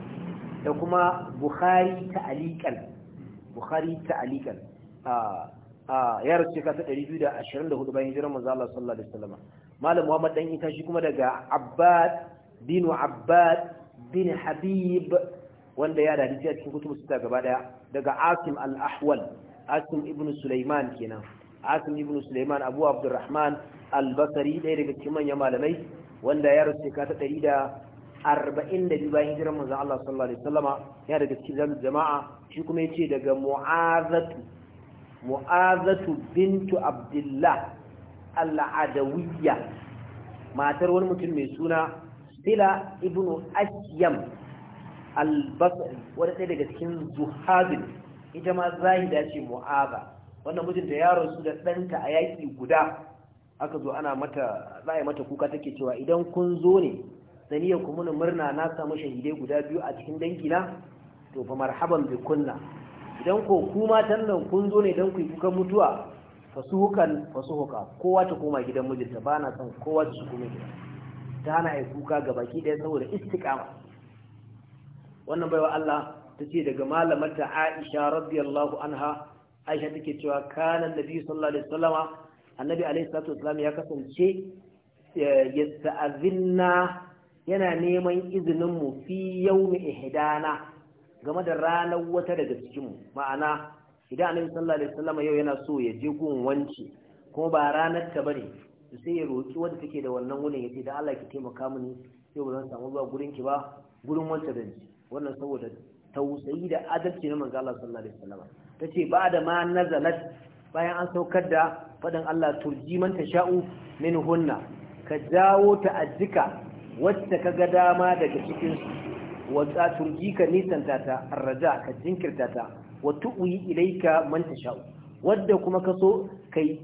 da kuma bukhari ta ta'alikan bukhari ta ta'alikan ah, ah, ya rasu shekara ta 224 bayan hijirar manzo Allah sallallahu alaihi wasallam malam Muhammad dan ita shi kuma daga Abbad bin Abbad bin Habib wanda ya da hadisi a cikin kutubu sita gaba daya daga Asim al-Ahwal Asim ibn Sulaiman kenan asim ibn suleiman abu abdurrahman albasari ɗaya daga cikin manyan malamai wanda ya rasu ka ta ɗari da arba'in da biyu bayan hijiran manzon Allah sallallahu alaihi wasallama ya daga cikin zamin jama'a shi kuma yace daga mu'azatu mu'azatu bintu abdullah al-adawiyya matar wani mutum mai suna sila Ibn asyam al-basri wanda ɗaya daga cikin zuhabin ita ma zahida ce mu'aza wannan mijinta ya rasu da ɗanta a yaƙi guda aka zo ana mata za a mata kuka take cewa idan kun zo ne zaniyar ku muna murna na samu shahidai guda biyu a cikin dangina to fa marhaban bi kunna idan ko ku matan nan kun zo ne don ku yi kukan mutuwa fasuhukan fasuhuka kowa ta koma gidan mijinta ba na son kowa ta shigo gida ta hana ai kuka ga baki ɗaya saboda istiqama wannan baiwa Allah ta ce daga ta Aisha radiyallahu anha aisha take cewa kana nabi sallallahu alaihi wasallama annabi alaihi salatu wasallam ya kasance yasta'azinna yana neman izinin mu fi yawmi ihdana game da ranar wata daga cikin mu ma'ana idan annabi sallallahu alaihi wasallama yau yana so ya je gun wanci kuma ba ranar ta bane sai ya roki wanda take da wannan wurin yace da Allah ki taimaka mini yau ba zan samu zuwa gurin ki ba gurin wancan da wannan saboda tausayi da adalci na manzo Allah sallallahu alaihi wasallama tace ba da ma nazalat bayan an saukar da faɗin Allah turji man tasha'u minhunna ka jawo ta ajika wacce kaga dama daga cikin su turji ka nisanta ta arraja ka jinkirta ta wa tu'wi ilaika man sha'u. wadda kuma ka so kai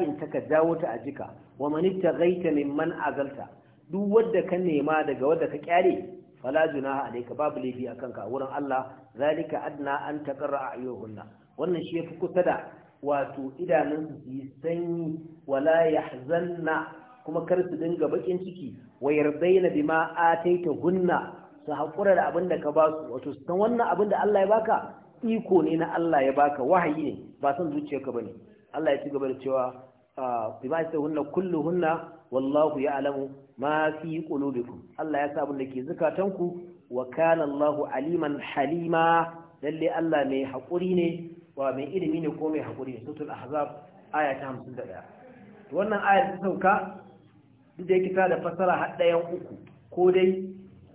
in ta ka jawo ta jika wa man ittaghaita mimman azalta duk wadda ka nema daga wadda ka kyare fala junaha alayka babu laifi akanka a wurin Allah zalika adna an taqarra ayuhunna wannan shi yafi kusa da wato idanun su yi sanyi wala yahzanna kuma kar su dinga bakin ciki wa yardaina bima ataitahunna su hakura da abin da ka ba su wato san wannan abin da Allah ya baka iko ne na Allah ya baka wahayi ne ba san zuciyarka bane Allah ya ci gaba da cewa ah, bima ataitahunna kulluhunna wallahu ya'lamu ma fi qulubikum Allah ya sa abin da ke zukatanku wa kana Allahu aliman halima lalle Allah mai hakuri ne wa mai ilimi ne ko mai hakuri ne suratul ahzab aya ta 51 wannan aya ta sauka duk da yake ta da fasara har ɗayan uku ko dai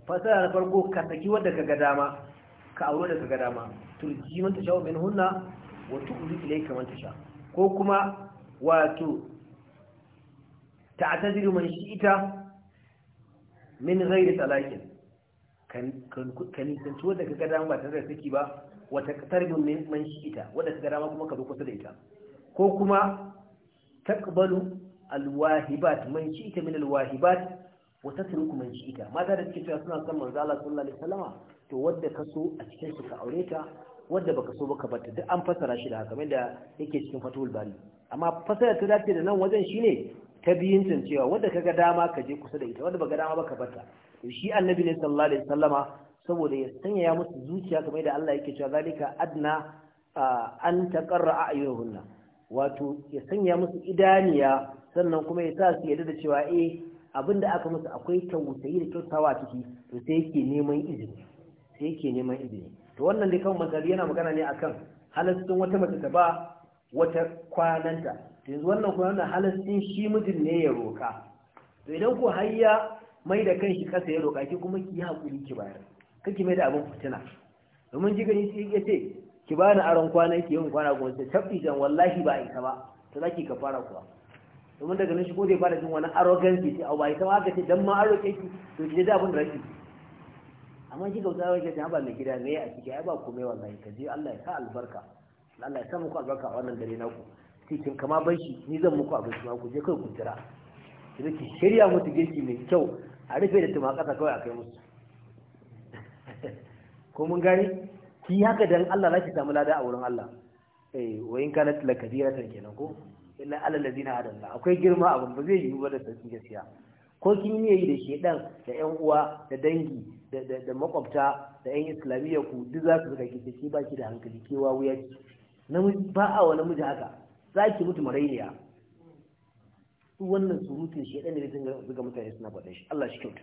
fasara na farko ka saki wanda ka ga dama ka aure da ga dama turji man tasha min hunna wa tuqdi ilayka man tasha ko kuma wato ta'tadiru man shi'ita min gairi talakin ka nisanci wadda ka gada ba tare da saki ba wata tarbin man shi ita wadda ka gada kuma ka zo kusa da ita ko kuma takbalu alwahibat man shi ita min alwahibat wa tatruku man shi ita mata da suke suna son manzo Allah sallallahu alaihi wasallama to wadda ka so a cikin su ka aure ta wadda baka so baka bata duk an fasara shi da haka da yake cikin fatul bari amma fasara ta dace da nan wajen shine ta biyun cewa wanda kaga dama ka je kusa da ita wanda baka dama ba ka barta to shi annabi ne sallallahu alaihi wasallama saboda ya sanya musu zuciya kamar da Allah yake cewa zalika adna an taqarra a'yunuhunna wato ya sanya musu idaniya sannan kuma ya sa su yadda da cewa eh abinda aka musu akwai tausayi da kyautawa ciki to sai yake neman izini sai yake neman izini to wannan dai kan mazhabi yana magana ne akan halaccin wata mace ta ba wata kwananta yanzu wannan kwanan halastin shi mutum ne ya roka to idan ku hayya mai da kanshi kasa ya roka ki kuma ki hakuri ki bayar kake mai da abin fitina domin ji gani sai ya ce ki ba ni aron kwana ki yin kwana goma sai tabbi jan wallahi ba ita ba to zaki ka fara kuwa domin daga nan shi ko zai fara jin wani arrogance sai ba ita ma ka ce dan ma an roke ki to ki da abin da kake amma shi ga wata ke ta ba mai gida ne a ciki ai ba komai wallahi ka je Allah ya sa albarka Allah ya sa muku albarka a wannan dare naku cikin kama ban shi ni zan muku abinci ma ku je kai ku jira ki shirya musu girki mai kyau a rufe da tuma kasa kawai a kai musu ko mun gani? ki haka dan Allah zaki samu lada a wurin Allah eh wa in kanat la ta kenan ko illa alal ladina hadalla akwai girma abin ba zai yi ba da sarki gaskiya ko kin yi da shedan da yan uwa da dangi da makwabta da yan islamiyya ku duk za su ga ki ba ki da hankali kewa wuya ce. ba a wa namiji haka za ki mutu marailiya wannan surutun shi ɗan da zai zuga mutane suna faɗin shi Allah shi kyauta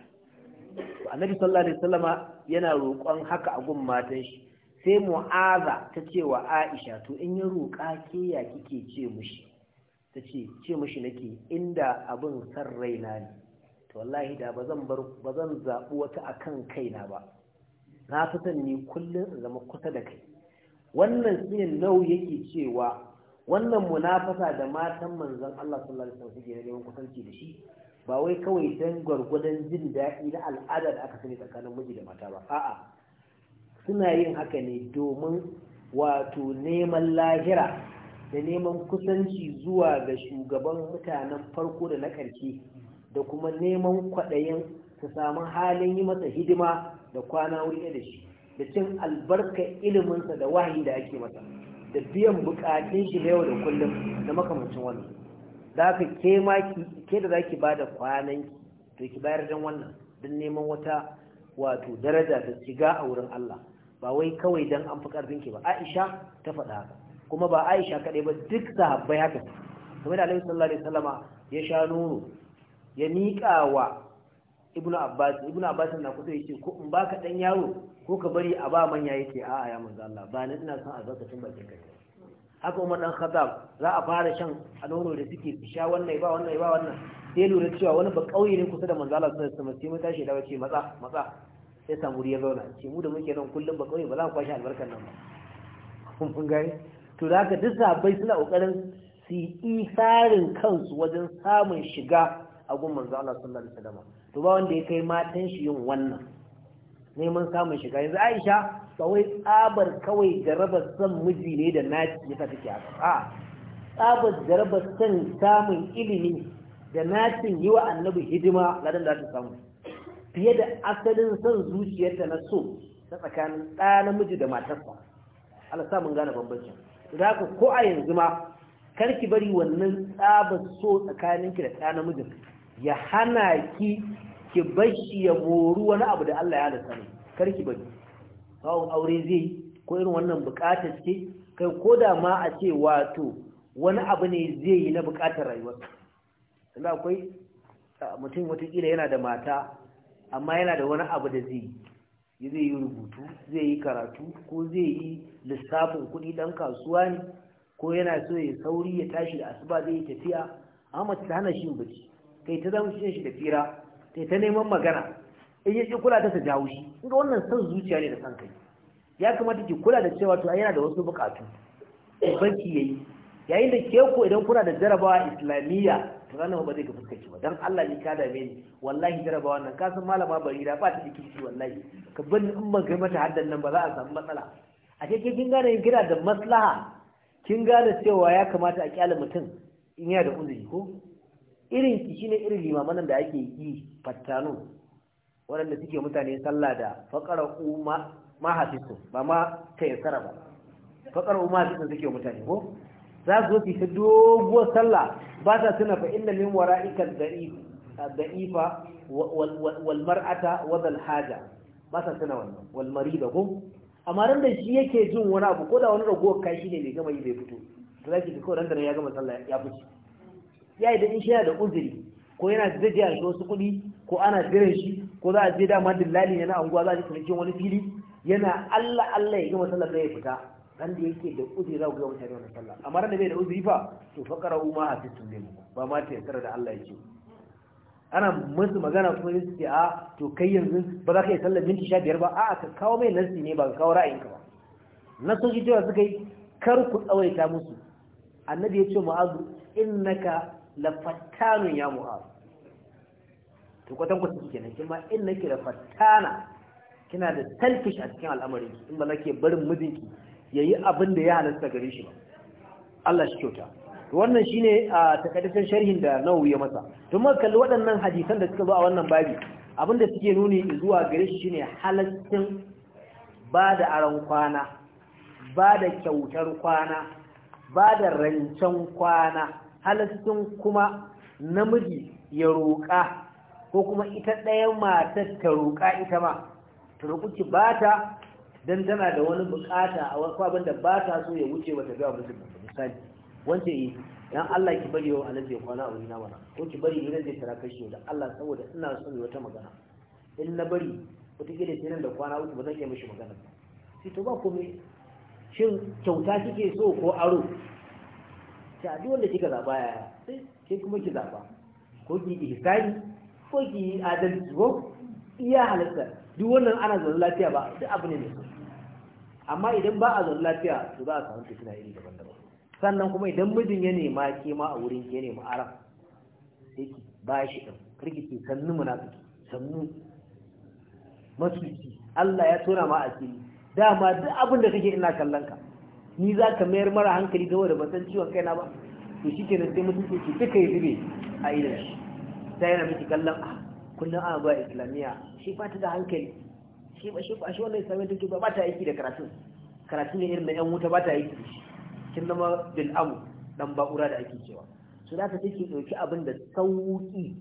annabi sallallahu alaihi wasallama yana roƙon haka a gun matan shi sai mu'aza ta ce wa aisha to in ya roƙa ke ya kike ce mushi ta ce ce mushi nake inda abin san raina ne to wallahi da bazan bar bazan zaɓi wata akan kaina ba na fi ni kullum in zama kusa da kai wannan shine nau yake cewa wannan munafasa da matan manzon Allah sallallahu alaihi wasallam suke neman kusanci da shi ba wai kawai dan gurgudan jin daɗi na al'ada da aka sani tsakanin miji da mata ba a'a suna yin haka ne domin wato neman lahira da neman kusanci zuwa ga shugaban mutanen farko da na ƙarshe da kuma neman kwaɗayin su samu halin yi masa hidima da kwana wuri da shi da cin albarka iliminsa da wahayi da ake masa da biyan bukatun shi yawa yau da kullum da makamancin wannan da haka ke ma ke da zaki bada kwanan to ki bayar dan wannan don neman wata wato daraja ta shiga a wurin Allah ba wai kawai dan an fi karfin ki ba Aisha ta faɗa haka kuma ba Aisha kaɗai ba duk sahabbai haka kuma da Alaihi sallallahu alaihi wasallama ya sha nono ya miƙa wa Ibnu Abbas Ibnu Abbas na kusa yace ko in baka dan yaro ko ka bari a ba manya yake a'a ya manzo Allah ba ni ina son cin bakin kai haka Umar dan Khattab za a fara shan alono da suke sha wannan ba wannan ba wannan sai lura cewa wani ba kauye ne kusa da manzo Allah sallallahu alaihi wasallam sai mun tashi dawo ce matsa matsa sai samu ya zauna ce mu da muke nan kullum ba kauye ba za mu kwashi albarkar nan ba kun kun gani to da haka duk sabai suna kokarin su yi isarin kansu wajen samun shiga a gun manzo Allah sallallahu alaihi wasallam to ba wanda ya kai matan shi yin wannan neman samun shiga yanzu aisha kawai tsabar kawai jarabar son miji ne da naci ya take haka a tsabar jarabar son samun ilimi da nacin yi wa annabi hidima ladan da ta samu fiye da asalin son zuciyarta na so ta tsakanin ɗa miji da matarsa Allah sa mun gane bambancin za ku ko a yanzu ma kar ki bari wannan tsabar so tsakaninki da ɗa mijin, ya hana ki ki bashi ya boru wani abu da Allah ya lissani kar ki bari bawon aure zai ko irin wannan bukatar ce kai ko da ma a ce wato wani abu ne zai yi na bukatar rayuwar. sannan akwai mutum watakila yana da mata amma yana da wani abu da zai yi zai yi rubutu zai yi karatu ko zai yi lissafin kuɗi dan kasuwa ne ko yana so ya sauri ya tashi da asuba zai yi tafiya amma ta hana shi bace kai ta zama shi da fira ta ta neman magana in yi kula ta ta jawo shi inda wannan san zuciya ne da san kai ya kamata ki kula da cewa to yana da wasu bukatu banki yayi yayin da ke ko idan kuna da jarabawa islamiyya to nan ba zai ga fuskarki ba dan Allah ni ka dame ni wallahi jarabawa nan ka san malama barira ba ta cikin shi wallahi ka bar in ban kai mata haddan nan ba za a samu matsala a ke kin gane yin kira da maslaha kin gane cewa ya kamata a kyale mutum in yana da uzuri ko irin ki shine irin limaman da ake yi fattanu waɗanda suke mutane sallah da faqara umma ma hafisu ba ma tayassara ba faqara umma hafisu suke mutane ko za su zo su doguwar sallah ba ta tuna fa inna min wara'ika da'ifa wal mar'ata wa dal haja ba ta tuna wannan wal marida ko amma ran da shi yake jin wani abu ko da wani ragowar kai shi ne mai gama yi bai fito to zaki ga kawai ran da ya gama sallah ya fice ya yi da in shi yana da uzuri ko yana zai je wasu kuɗi ko ana jiran shi ko za a je dama dillali yana anguwa za a ji cinikin wani fili yana Allah Allah ya gama sallar da ya fita ran da yake da uzuri za ku gama mutane wannan sallah amma ran da bai da uzuri fa to fa qara'u ma hafitu min ba ma ta yarda da Allah ya ce. ana musu magana kuma su ce a to kai yanzu ba za ka yi sallar minti sha biyar ba a'a ka kawo mai nasi ne ba ka kawo ra'ayinka ba Na nasoji cewa suka yi kar ku tsawaita musu annabi ya ce mu'azu innaka lafattanun ya mu'az to kwatan kike nan in nake da fattana kina da selfish a cikin al'amarin in ba nake barin mijinki yayi abin da ya halarta gare shi ba Allah shi kyauta to wannan shine a takaddacin sharhin da Nawawi ya masa to mun kalli waɗannan hadisan da suka zo a wannan babi abin da suke nuni zuwa gare shi shine halaccin ba da aron kwana ba da kyautar kwana ba da rancen kwana halittun kuma namiji ya roƙa ko kuma ita ɗayan matar ta roƙa ita ma ta roƙuki ba ta don tana da wani buƙata a wasu abin da ba ta so ya wuce wata gawa musulmi misali wance yi eh, dan Allah ki bari yau alaji ya kwana a wuri na mana ko ki bari idan zai tara kashi da Allah saboda ina son yi wata magana in na bari wata gida ce nan da kwana uku ba zan iya mishi magana sai to ba komai shin kyauta kike so ko aro ta duk shi kika zaba ya sai kuma ki zaba ko ki ihsani ko ki adalci ko iya halitta duk wannan ana zaune lafiya ba duk abu ne ne amma idan ba a zaune lafiya to za a samu fitina iri daban-daban sannan kuma idan mijin ya nema ke ma a wurin ya nema aram sai ki ba shi ɗin karki ce sannu munafiki sannu masuci Allah ya tona ma a asiri dama duk abin da kake ina kallon ka ni za ka mayar mara hankali ga wadda ban san ciwon kaina ba to shi kenan sai mutum ke duka ya zube a idan shi sai yana miki kallon a ah, kullum a ba islamiyya shi ba ta da hankali shi ba shi ba shi wannan islamiyya take ba ba ta aiki da karatu karatu ne irin na yan wuta ba ta aiki da shi kin zama bil amu dan ba'ura da ake cewa su za ta take ɗauki abin da sauƙi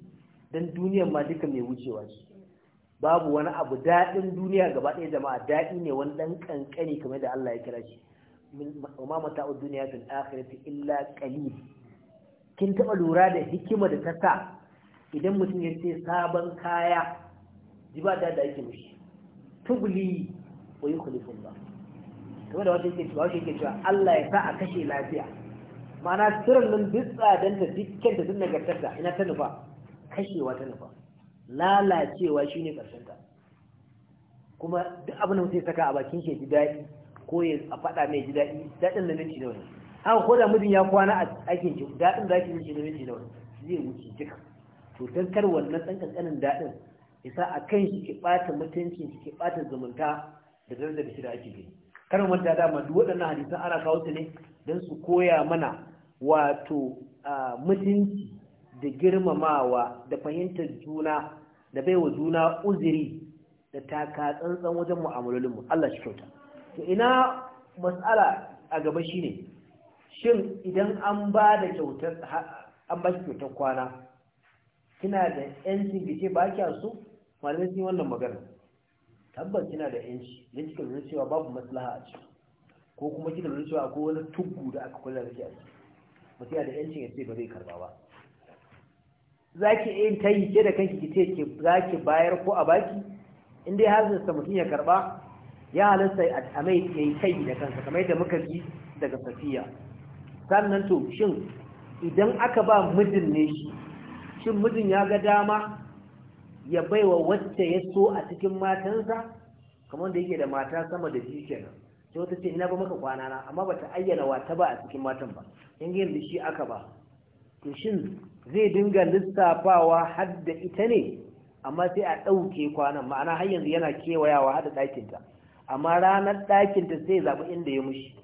dan duniyar ma duka mai wucewa ce babu wani abu daɗin duniya gaba ɗaya jama'a daɗi ne wani ɗan ƙanƙani kamar da Allah ya kira shi ma a duniya fil akhirati illa qalil kin taba lura da hikima da ta idan mutum ya ce sabon kaya jiba da da yake mushi tubli wa yukhlifu Allah kamar da wata yake cewa wata yake cewa Allah ya sa a kashe lafiya Mana sirrin nan duk tsadan da dukkan da duk nagartarta ina ta nufa kashewa ta nufa lalacewa shine karshen ta kuma duk abin da mutum ya saka a bakin shi ya ji daɗi ko ya a faɗa mai ji daɗi daɗin da minti da wani haka ko da mutum ya kwana a aikin ki daɗin da ake shi da minti da wani zai wuce duka to don kar wannan ɗan ƙanƙanin daɗin ya sa a kan shi ke ɓata mutunci shi ke ɓata zumunta da zarar da shi da ake gani kar manta dama duk waɗannan hadisan ana kawo su ne don su koya mana wato mutunci da girmamawa da fahimtar juna da baiwa juna uziri da taka tsantsan wajen mu'amalolinmu Allah shi kyauta to ina mas'ala a gaba shi ne? shin idan an ba da kyautar an ba kyautar kwana kina da yancin ki ce ba kya su malamai sun yi wannan magana tabbas kina da yanci don kika lura cewa babu maslaha a ciki ko kuma kika lura cewa akwai wani tuggu da aka kula da ke a ciki da yancin ya ce ba zai karba ba za ki yin yi ke da kanki ki ce za ki bayar ko a baki in dai har zai mutum ya karba ya halasta a mai ya kai da kansa kamar yadda muka ji daga safiya sannan to shin idan aka ba mijin ne shi shin mijin ya ga dama ya baiwa wacce ya so a cikin matansa kamar da yake da mata sama da biyu kenan sai wata ce ina ba maka kwana na amma bata ayyana wata ba a cikin matan ba yanzu yanzu shi aka ba to shin zai dinga lissafawa har da ita ne amma sai a ɗauke kwanan ma'ana har yanzu yana kewayawa har da ɗakinta amma ranar ɗakin ta sai zaɓi inda ya mushi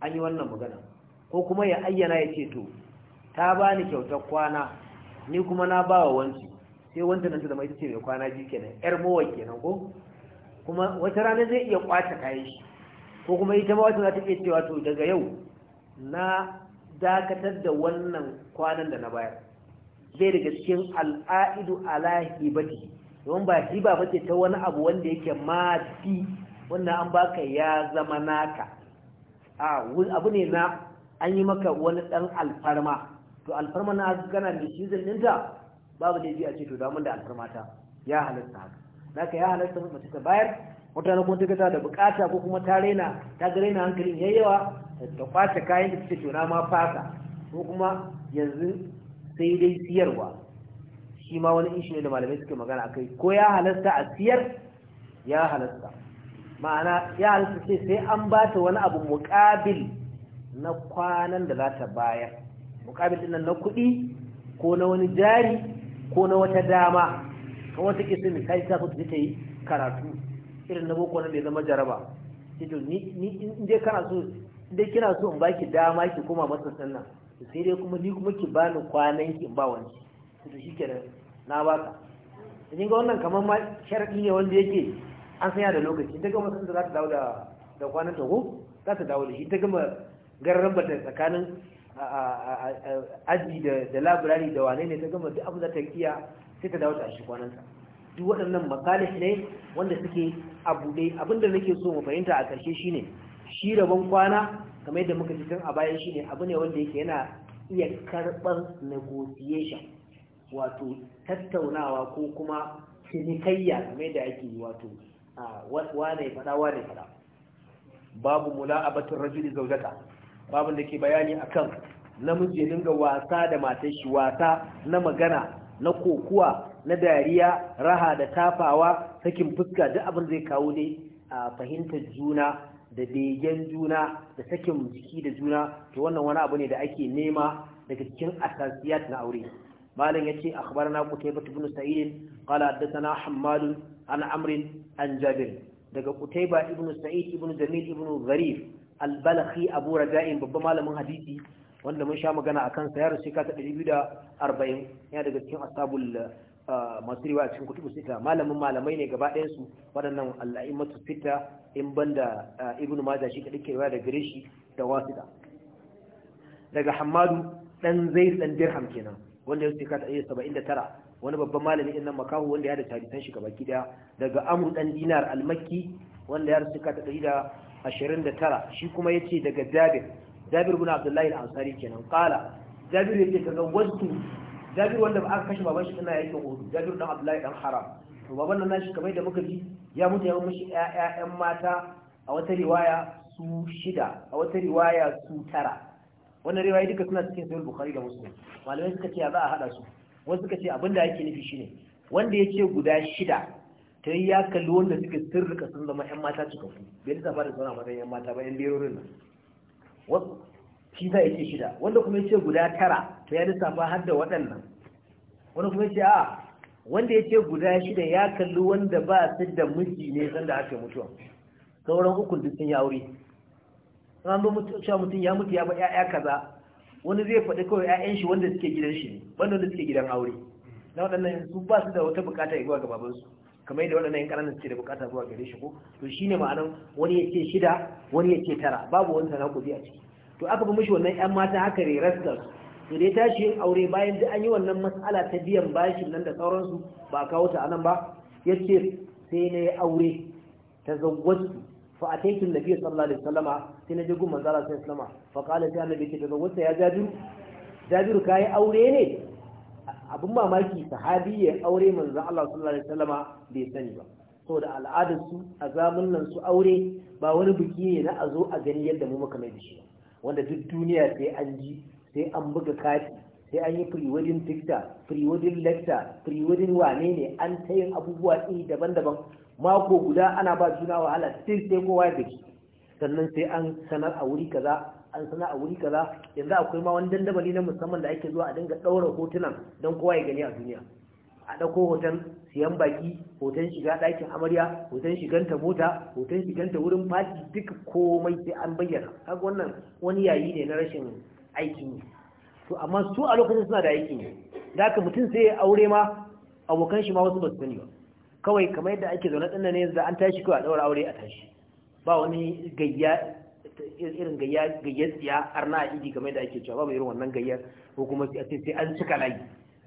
an yi wannan magana ko kuma ya ayyana ya ce to ta ba ni kyautar kwana ni kuma na ba wa wanci sai wanta nan ta zama ita ce mai kwana biyu kenan yar mowa kenan ko kuma wata rana zai iya kwace kayan shi ko kuma ita ma wata za ta iya cewa to daga yau na dakatar da wannan kwanan da na bayar zai daga cikin al'aidu ala hibati don ba hiba ce ta wani abu wanda yake fi wannan an baka ya zama naka a abu ne na an yi maka wani dan alfarma to alfarma na gana da shi zallinta babu da a ce to damun da alfarma ta ya halatta haka naka ya halatta mace ta bayar wata na kuma ta da bukata ko kuma ta raina ta ga raina hankalin yayyawa ta kwace kayan da suke tona ma fasa ko kuma yanzu sai dai siyarwa shi ma wani ishi ne da malamai suke magana akai ko ya halasta a siyar ya halasta ma'ana ya halitta ce sai an ba ta wani abu muƙabil na kwanan da za ta bayar muƙabil ɗin na kuɗi ko na wani jari ko na wata dama kan wata ƙisa misali ta fito ta yi karatu irin na boko da ya zama jaraba tito ni in dai kana so dai kina so in baki dama ki koma masa sannan sai dai kuma ni kuma ki bani kwanan ki in ba wani tito shikenan na baka kin ga wannan kamar ma sharadi ne wanda yake an sanya da lokaci ta gama sun da za ta dawo da kwanan tago za ta dawo da shi ta gama garin bata tsakanin aji da labirari da wane ne ta gama duk abu za ta kiya sai ta dawo da shi kwanansa duk waɗannan makalif ne wanda suke abu dai abinda nake so mu fahimta a ƙarshe shine shi rabon kwana kamar yadda muka cikin a bayan shine abu ne wanda yake yana iya karɓar negotiation wato tattaunawa ko kuma cinikayya kamar yadda ake wato Ah, wane fada wane fada babu mula'abatin rajuli zaujata babun da ke bayani a akan namiji ya dinga wasa da matan shi wasa na magana na kokuwa na dariya raha da tafawa sakin fuska duk abin zai kawo dai a fahimtar juna da begen juna da sakin jiki da juna to wannan wani abu ne da ake nema daga cikin asasiyat na aure malam yace akhbarna qutaybah ibn sa'id qala haddathana hammad an amrin an jabir daga kutaiba ibn Sa'id ibn Jamil ibn Gharif al-Balakhi Abu Raja'in babban malamin hadisi wanda mun sha magana akan sa ya rasu ka ta 240 yana daga cikin ashabul masu riwaya cikin kutubu sita malamin malamai ne gaba ɗayan su waɗannan al'aimatu sita in banda ibn majah shi kadai ke riwaya da gare shi da wasita daga hammadu dan zai dan dirham kenan wanda ya sika ta iya 79 wani babban malami din nan makahu wanda ya da tarihin shi gabaki daya daga amru dan dinar al wanda ya rasu kata tara. shi kuma ya ce daga jabir jabir ibn abdullahi al-ansari kenan qala jabir ce daga wasu jabir wanda ba aka kashe baban shi ina yake hudu jabir ɗan abdullahi ɗan haram to baban nan nashi kamar da muka ji ya mutu ya mishi ƴaƴan mata a wata riwaya su shida a wata riwaya su tara wannan riwaya duka suna cikin sahih bukari da muslim malamai suka ce za a haɗa su wasu suka ce abin da yake nufi shine wanda ya ce guda shida ta yi ya kalli wanda suke sirrika sun zama 'yan mata cikakku bai lissafa da suna matan 'yan mata bayan 'yan berorin nan shi za ya ce shida wanda kuma ya ce guda tara ta ya lissafa har da waɗannan wani kuma ya ce a wanda ya ce guda shida ya kalli wanda ba su da miji ne sanda aka mutuwa sauran ukun duk sun yi aure an ba mutum ya mutu ya ba 'ya'ya kaza wani zai faɗi kawai 'ya'yan shi wanda suke gidan shi ne wanda wanda suke gidan aure na waɗannan su ba su da wata bukata zuwa ga babansu kamar yadda waɗannan ƙananan suke da bukata zuwa gare shi ko to shi ne ma'anan wani ya ce shida wani ya ce tara babu wani tana gobe a ciki to aka bi mishi wannan 'yan mata haka ne rastar to dai tashi yin aure bayan da an yi wannan mas'ala ta biyan bashin nan da sauransu ba a kawo ta anan ba ya ce sai na yi aure ta zawwatu fa ataitu nabi sallallahu alaihi salama, sai na je gun manzo Allah sallallahu alaihi wasallama fa qala sai annabi ce daga wata ya jabiru jabiru kai aure ne abun mamaki sahabi ya aure manzo Allah sallallahu alaihi salama, bai sani ba saboda al'adar su a zamanin su aure ba wani biki ne na a zo a gani yadda mu muka mai da shi wanda duk duniya sai an ji sai an buga kati sai an yi pre-wedding picture pre-wedding lecture pre-wedding wane ne an ta yin abubuwa iri daban-daban mako guda ana ba juna wahala sai sai kowa ya biki sannan sai an sanar a wuri kaza an sanar a wuri kaza yanzu akwai ma wani dandamali na musamman da ake zuwa a dinga ɗaura hotunan don kowa ya gani a duniya a ɗauko hoton siyan baki hoton shiga ɗakin amarya hoton shiganta mota hoton shiganta wurin fati duk komai sai an bayyana kaga wannan wani yayi ne na rashin aikin yi to amma su a lokacin suna da aikin yi da mutum sai ya aure ma abokan shi ma wasu ba su sani ba kawai kamar yadda ake zaune ɗin ne za an tashi kawai a ɗaura aure a tashi ba wani gayya irin gayya gayya tsiya arna a idi kamar yadda ake cewa ba irin wannan gayyar ko kuma sai an cika layi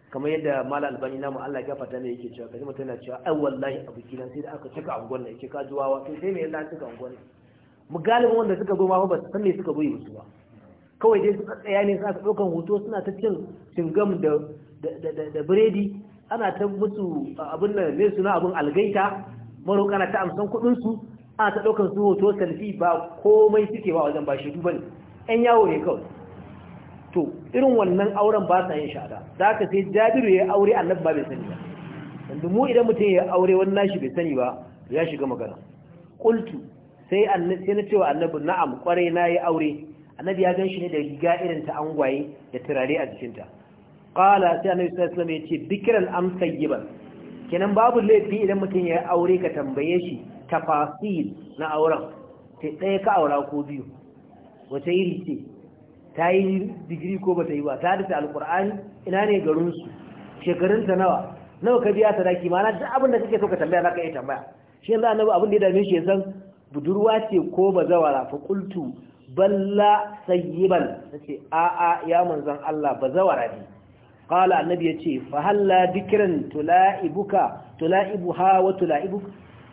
kamar yadda mala albani namu Allah ya fata ne yake cewa kaji mutum cewa ai wallahi abu kilan sai da aka cika angon ne yake kajuwa wa sai me yalla cika angon ne mu galibin wanda suka zo ma ba su san me suka boye musu ba kawai dai su tsaya ne su aka hoto suna ta cin shingam da biredi ana ta musu abin nan ne suna abin algaita maroƙa na ta amsan kuɗinsu ana ta ɗaukar su hoto salfi ba komai suke ba wajen ba shi duba ne ɗan yawo ne kawai to irin wannan auren ba sa yin shada da sai jabiru ya aure annabi ba bai sani ba yanzu mu idan mutum ya aure wani nashi bai sani ba ya shiga magana qultu sai annabi sai na cewa annabi na'am kwarai na yi aure annabi ya gan shi ne da riga irin ta angwaye da turare a jikinta qala sai annabi sallallahu alaihi wasallam yace dikran am tayyiban kenan babu laifi idan mutum ya aure ka tambaye shi tafasil na auren sai ɗaya ka aura ko biyu wace iri ce ta yi digiri ko ba ta yi ba ta dace alkur'ani ina ne garin su shekarun ta nawa nawa ka biya sadaki ma na duk abin da kake so ka tambaya zaka iya tambaya shi yanzu annabi abin da ya dame shi ya san budurwa ce ko ba bazawara fa qultu balla sayyiban nace a a ya manzon Allah bazawara ne qala annabi yace fa halla dikran tulaibuka tulaibuha wa tulaibuk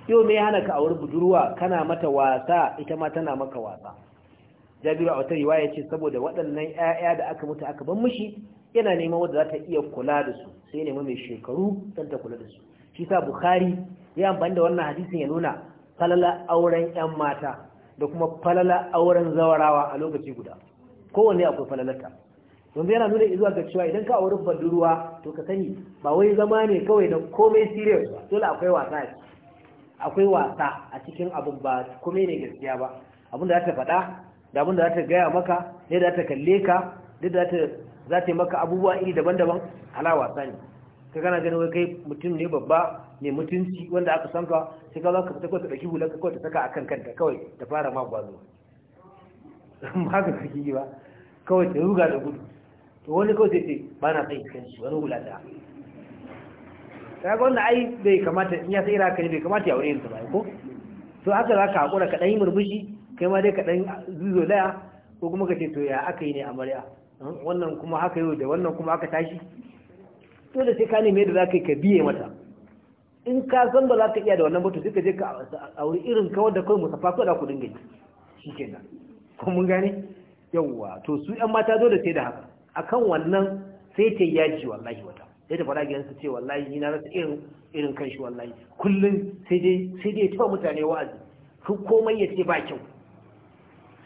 yau me hana ka aure budurwa kana mata wasa ita ma tana maka wasa jabiru a wata riwaya yace saboda waɗannan 'ya'ya da aka mutu aka ban mushi, yana neman wanda za ta iya kula da su sai nemi mai shekaru dan ta kula da su shi sa bukhari ya amfani da wannan hadisin ya nuna falala auren ƴan mata da kuma falala auren zawarawa a lokaci guda kowanne akwai falalata yanzu yana nuna izuwa ga cewa idan ka auri ruwa to ka sani ba wai zama ne kawai da komai serious ba dole akwai wasa akwai wasa a cikin abin ba komai ne gaskiya ba abin da za ta faɗa da abin da za ta gaya maka ne da za ta kalle ka da za ta yi maka abubuwa iri daban-daban ala wasa ne ka gana ganin wai kai mutum ne babba ne mutunci wanda aka san ka sai ka za ka fita kawai ta ɗauki hular ka kawai ta saka akan kanta kawai ta fara ma gwazo ba ka kake ba kawai ta ruga da gudu to wani kawai sai ba na sai iskan shi wani hula ta ga wanda ai bai kamata in ya sai ira kai bai kamata ya aure irinsa ba ko to haka za ka hakura ka dan yi murmushi kai ma dai ka dan zuzo laya ko kuma ka ce to ya aka yi ne amarya wannan kuma haka yau da wannan kuma aka tashi to da sai ka me da za ka yi ka biye mata in ka san ba za ka iya da wannan batu sai ka je ka auri irin kawar da kawai musafa ko da ku dinga yi shi kenan ko mun gane yawwa to su yan mata zo da sai da haka akan wannan sai ta yi yaji wallahi wata sai ta gidan su ce wallahi ni na rasa irin irin kan shi wallahi kullum sai dai sai dai ta mutane wa'azi su komai ya ce ba kyau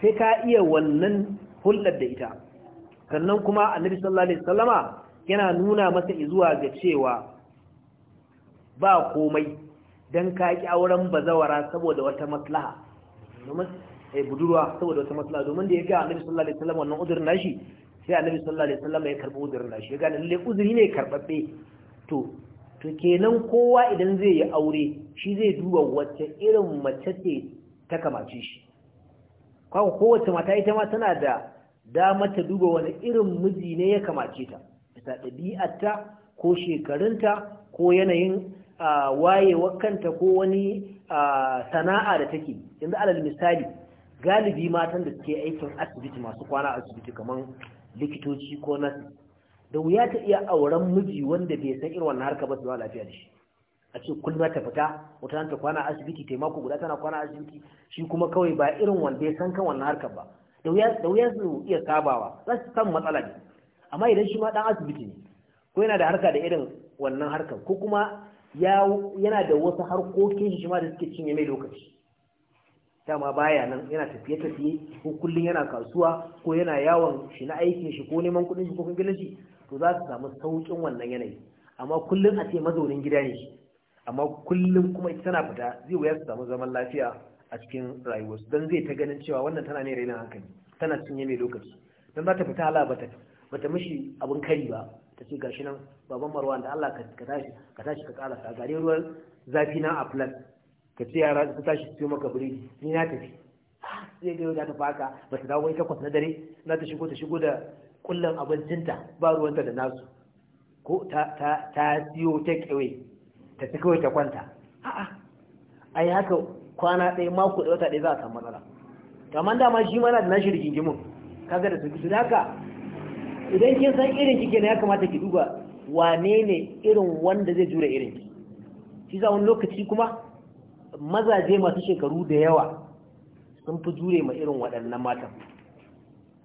sai ka iya wannan hulɗar da ita sannan kuma annabi sallallahu alaihi wasallama yana nuna masa zuwa ga cewa ba komai dan ka ki auren bazawara saboda wata maslaha domin eh budurwa saboda wata maslaha domin da ya ga annabi sallallahu alaihi wasallam wannan udur nashi sai annabi sallallahu alaihi wasallam ya karbi da shi ya gane lalle uzuri ne karbabbe to to kenan kowa idan zai yi aure shi zai duba wacce irin mace ce ta kamace shi kawo kowace mata ita ma tana da dama ta duba wani irin miji ne ya kamace ta bisa ɗabi'arta ko shekarunta ko yanayin wayewar kanta ko wani sana'a da take yanzu alal misali galibi matan da suke aikin asibiti masu kwana asibiti kamar likitoci ko nasi da wuya ta iya auren miji wanda bai san irin wannan harka ba su ba lafiya da shi a ce kullum ta fita wata ta kwana asibiti taimako guda tana kwana asibiti shi kuma kawai ba irin wanda ya san kan wannan harkar ba da wuya su iya sabawa za su san matsala ne amma idan shi ma dan asibiti ne ko yana da harka da irin wannan harkar ko kuma yana da wasu harkokin shi ma da suke cinye mai lokaci dama baya nan yana tafiye tafiye ko kullum yana kasuwa ko yana yawon shi na aikin shi ko neman kudin shi ko kungilin shi to za su samu saukin wannan yanayi amma kullum a ce mazaunin gida ne shi amma kullum kuma ita tana fita zai wuya su samu zaman lafiya a cikin rayuwarsu don zai ta ganin cewa wannan tana ne rainin hankali tana cinye mai lokaci don za ta fita hala bata bata mishi abin kari ba ta ce gashi nan baban marwa da Allah ka tashi ka tashi ka karasa gare ruwan zafi na a ka ce yara su tashi su maka biredi ni na tafi sai ga yau ta faka ba ta dawo takwas na dare na ta shigo ta shigo da kullum abincinta ba ruwanta da nasu ko ta siyo ta kewe ta fi kawai ta kwanta a'a ai haka kwana ɗaya mako da wata ɗaya za a samu matsala kamar dama shi mana da nashi rigingimin kaga da sauki su da haka idan kin san irin kike na ya kamata ki duba wane ne irin wanda zai jure irin ki shi za wani lokaci kuma mazaje masu shekaru da yawa sun fi jure ma irin waɗannan matan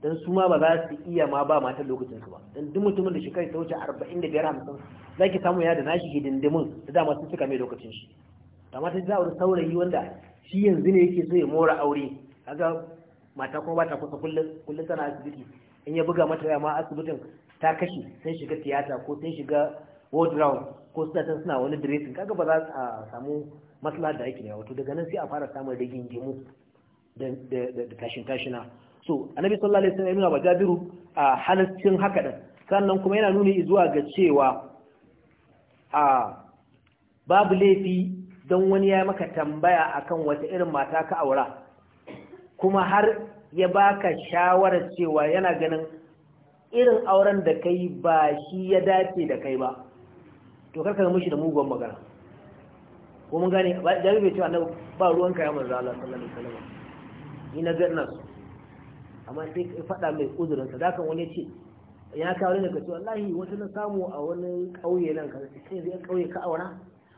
don su ma ba za su iya ma ba matan lokacin su ba don duk mutumin da shekaru ta wuce arba'in da biyar hamsin za ki samu ya da nashi hidindimin da dama sun cika mai lokacin shi amma ta za a saurayi wanda shi yanzu ne yake so ya mora aure kaga mata kuma ba ta kusa kullum tana asibiti in ya buga mata ma asibitin ta kashe sai shiga tiyata ko sai shiga wardrobe ko suna suna wani dressing kaga ba za a samu maslahar da ake wato daga nan sai a fara samun rigingimu da tashin tashina so annabi sallallahu alaihi wasallam nuna ba jabiru a halaccin haka din sannan kuma yana nuna zuwa ga cewa a babu laifi don wani ya maka tambaya akan wata irin mata ka aura kuma har ya baka shawarar cewa yana ganin irin auren da kai ba shi ya dace da kai ba to karka mishi da mugun magana ko mun gane ba da bai cewa annabi ba ruwan ka ya manzo Allah sallallahu alaihi wasallam ni na ga nan amma sai ka fada mai uzurin sa dakan wani ce ya kawo ne ka ce wallahi wata na samu a wani kauye nan ka sai zai kauye ka aura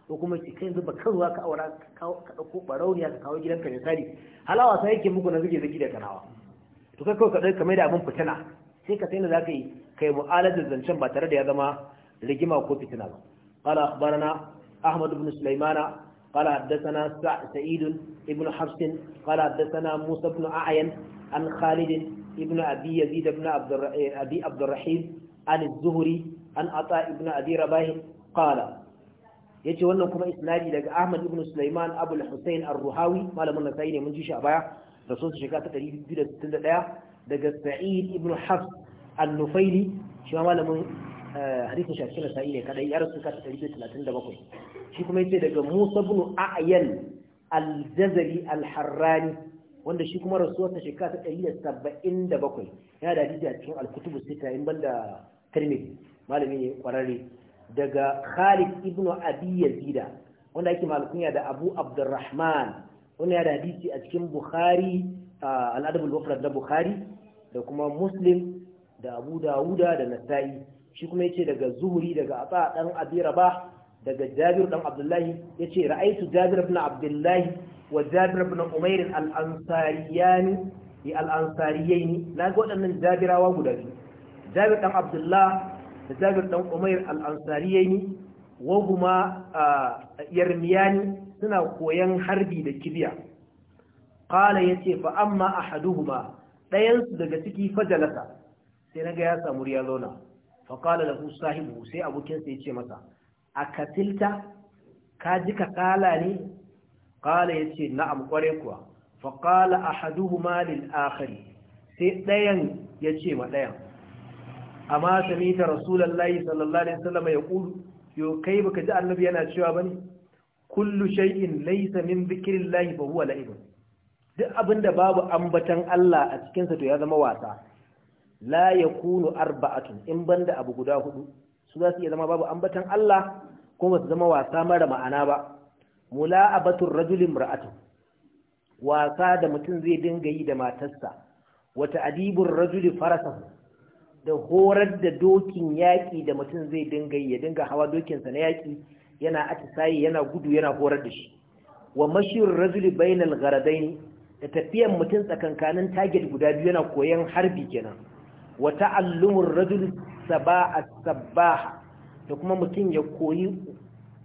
ko kuma ki kai zuba kan ruwa ka aura ka dauko barauniya ka kawo gidanka misali halawa sai yake muku na zuke zaki da kanawa to kai kawai ka dai kamar da abin fitina sai ka sai na zaka yi kai mu'alajar zancen ba tare da ya zama rigima ko fitina ba qala akhbarana أحمد بن سليمان قال حدثنا سعيد بن حفص قال حدثنا موسى بن أعين عن خالد بن أبي يزيد بن أبي عبد الرحيم عن الزهري عن عطاء بن أبي رباه قال yace wannan kuma isnadi daga Ahmad ibn Sulaiman Abu al-Husayn ar-Ruhawi malamin Nasai ne mun ji shi a baya rasul shi shekara ta 261 daga Sa'id ibn Hafs an-Nufaili shi malamin Eh, hadisin shafi a cikin sa'i ne kadai ya rasu kasa 137 shi kuma yace daga Musa bin A'yan al-Jazari al-Harrani wanda shi kuma rasuwar ta shekara ta 177 yana da hadisi a cikin al-kutubu sita in banda Tirmidhi malami ne kwararre daga Khalid ibn Abi Yazid wanda yake malakunya da Abu Abdurrahman wanda ya da hadisi a cikin Bukhari al-Adab al-Mufrad da Bukhari da kuma Muslim da Abu Dawuda da Nasa'i shi kuma yace daga zuhuri daga asa dan abi daga jabir dan abdullahi yace ra'aytu jabir ibn abdullahi wa jabir ibn umair al-ansariyani ya al na ga waɗannan jabirawa guda biyu jabir dan abdullah da jabir dan umair al-ansariyaini wa huma yarmiyani suna koyan harbi da kibiya qala yace fa amma ahaduhuma dayan su daga ciki fajalasa sai naga ya samu riya zauna faƙala da sahibu sai abokinsa ya ce masa a katilta ka ji ka ƙala ne ƙala ya ce na'am ƙware kuwa faƙala a haduhu malin akari sai ɗayan ya ce ma ɗayan amma sami ta Rasulallah sallallahu alaihi wasallam ya ƙulu yau kai baka ji annabi yana cewa ba ne kullu shay'in laysa min dhikrillahi fa huwa la'ibun duk abinda babu ambatan Allah a cikin sa to ya zama wasa la yakunu arba'atun in banda abu guda hudu su za su iya zama babu ambatan Allah kuma su zama wasa mara ma'ana ba mula'abatur rajulin ra'atu wasa da mutum zai dinga yi da matarsa wata adibur rajuli farasahu da horar da dokin yaƙi da mutum zai dinga yi ya dinga hawa dokinsa na yaƙi yana atisayi yana gudu yana horar da shi wa mashir rajuli bainal gharadaini da tafiyan mutum tsakankanin target guda biyu yana koyan harbi kenan wa ta'allumur rajul saba'a sabaha da kuma mutum ya koyi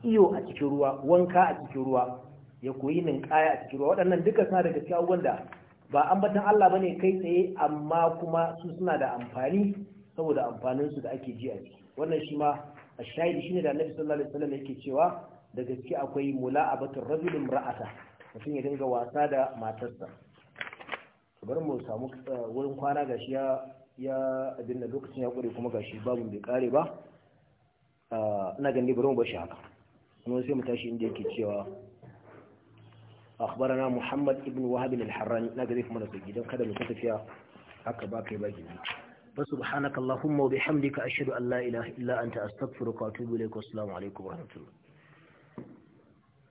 iyo a cikin ruwa wanka a cikin ruwa ya koyi ninkaya a cikin ruwa waɗannan duka suna daga cikin abubuwan da ba batan Allah bane kai tsaye amma kuma su suna da amfani saboda amfanin su da ake ji a ciki wannan shi ma a shahidi shine da Annabi sallallahu alaihi wasallam yake cewa da gaske akwai mula'abatu rajul imra'ata mutum ya dinga wasa da matarsa bari mu samu eh, wurin kwana gashi ya ya abin lokacin ya kware kuma gashi babu bai kare ba ina ganin bari mu bashi haka kuma sai mu tashi inda yake cewa akhbarana Muhammad ibn Wahab al-Harrani ina ganin kuma da gidan kada mu tafiya haka ba kai ba gidan fa subhanakallahumma wa bihamdika ashhadu an la ilaha illa anta astaghfiruka wa atubu ilaik assalamu alaikum wa rahmatullahi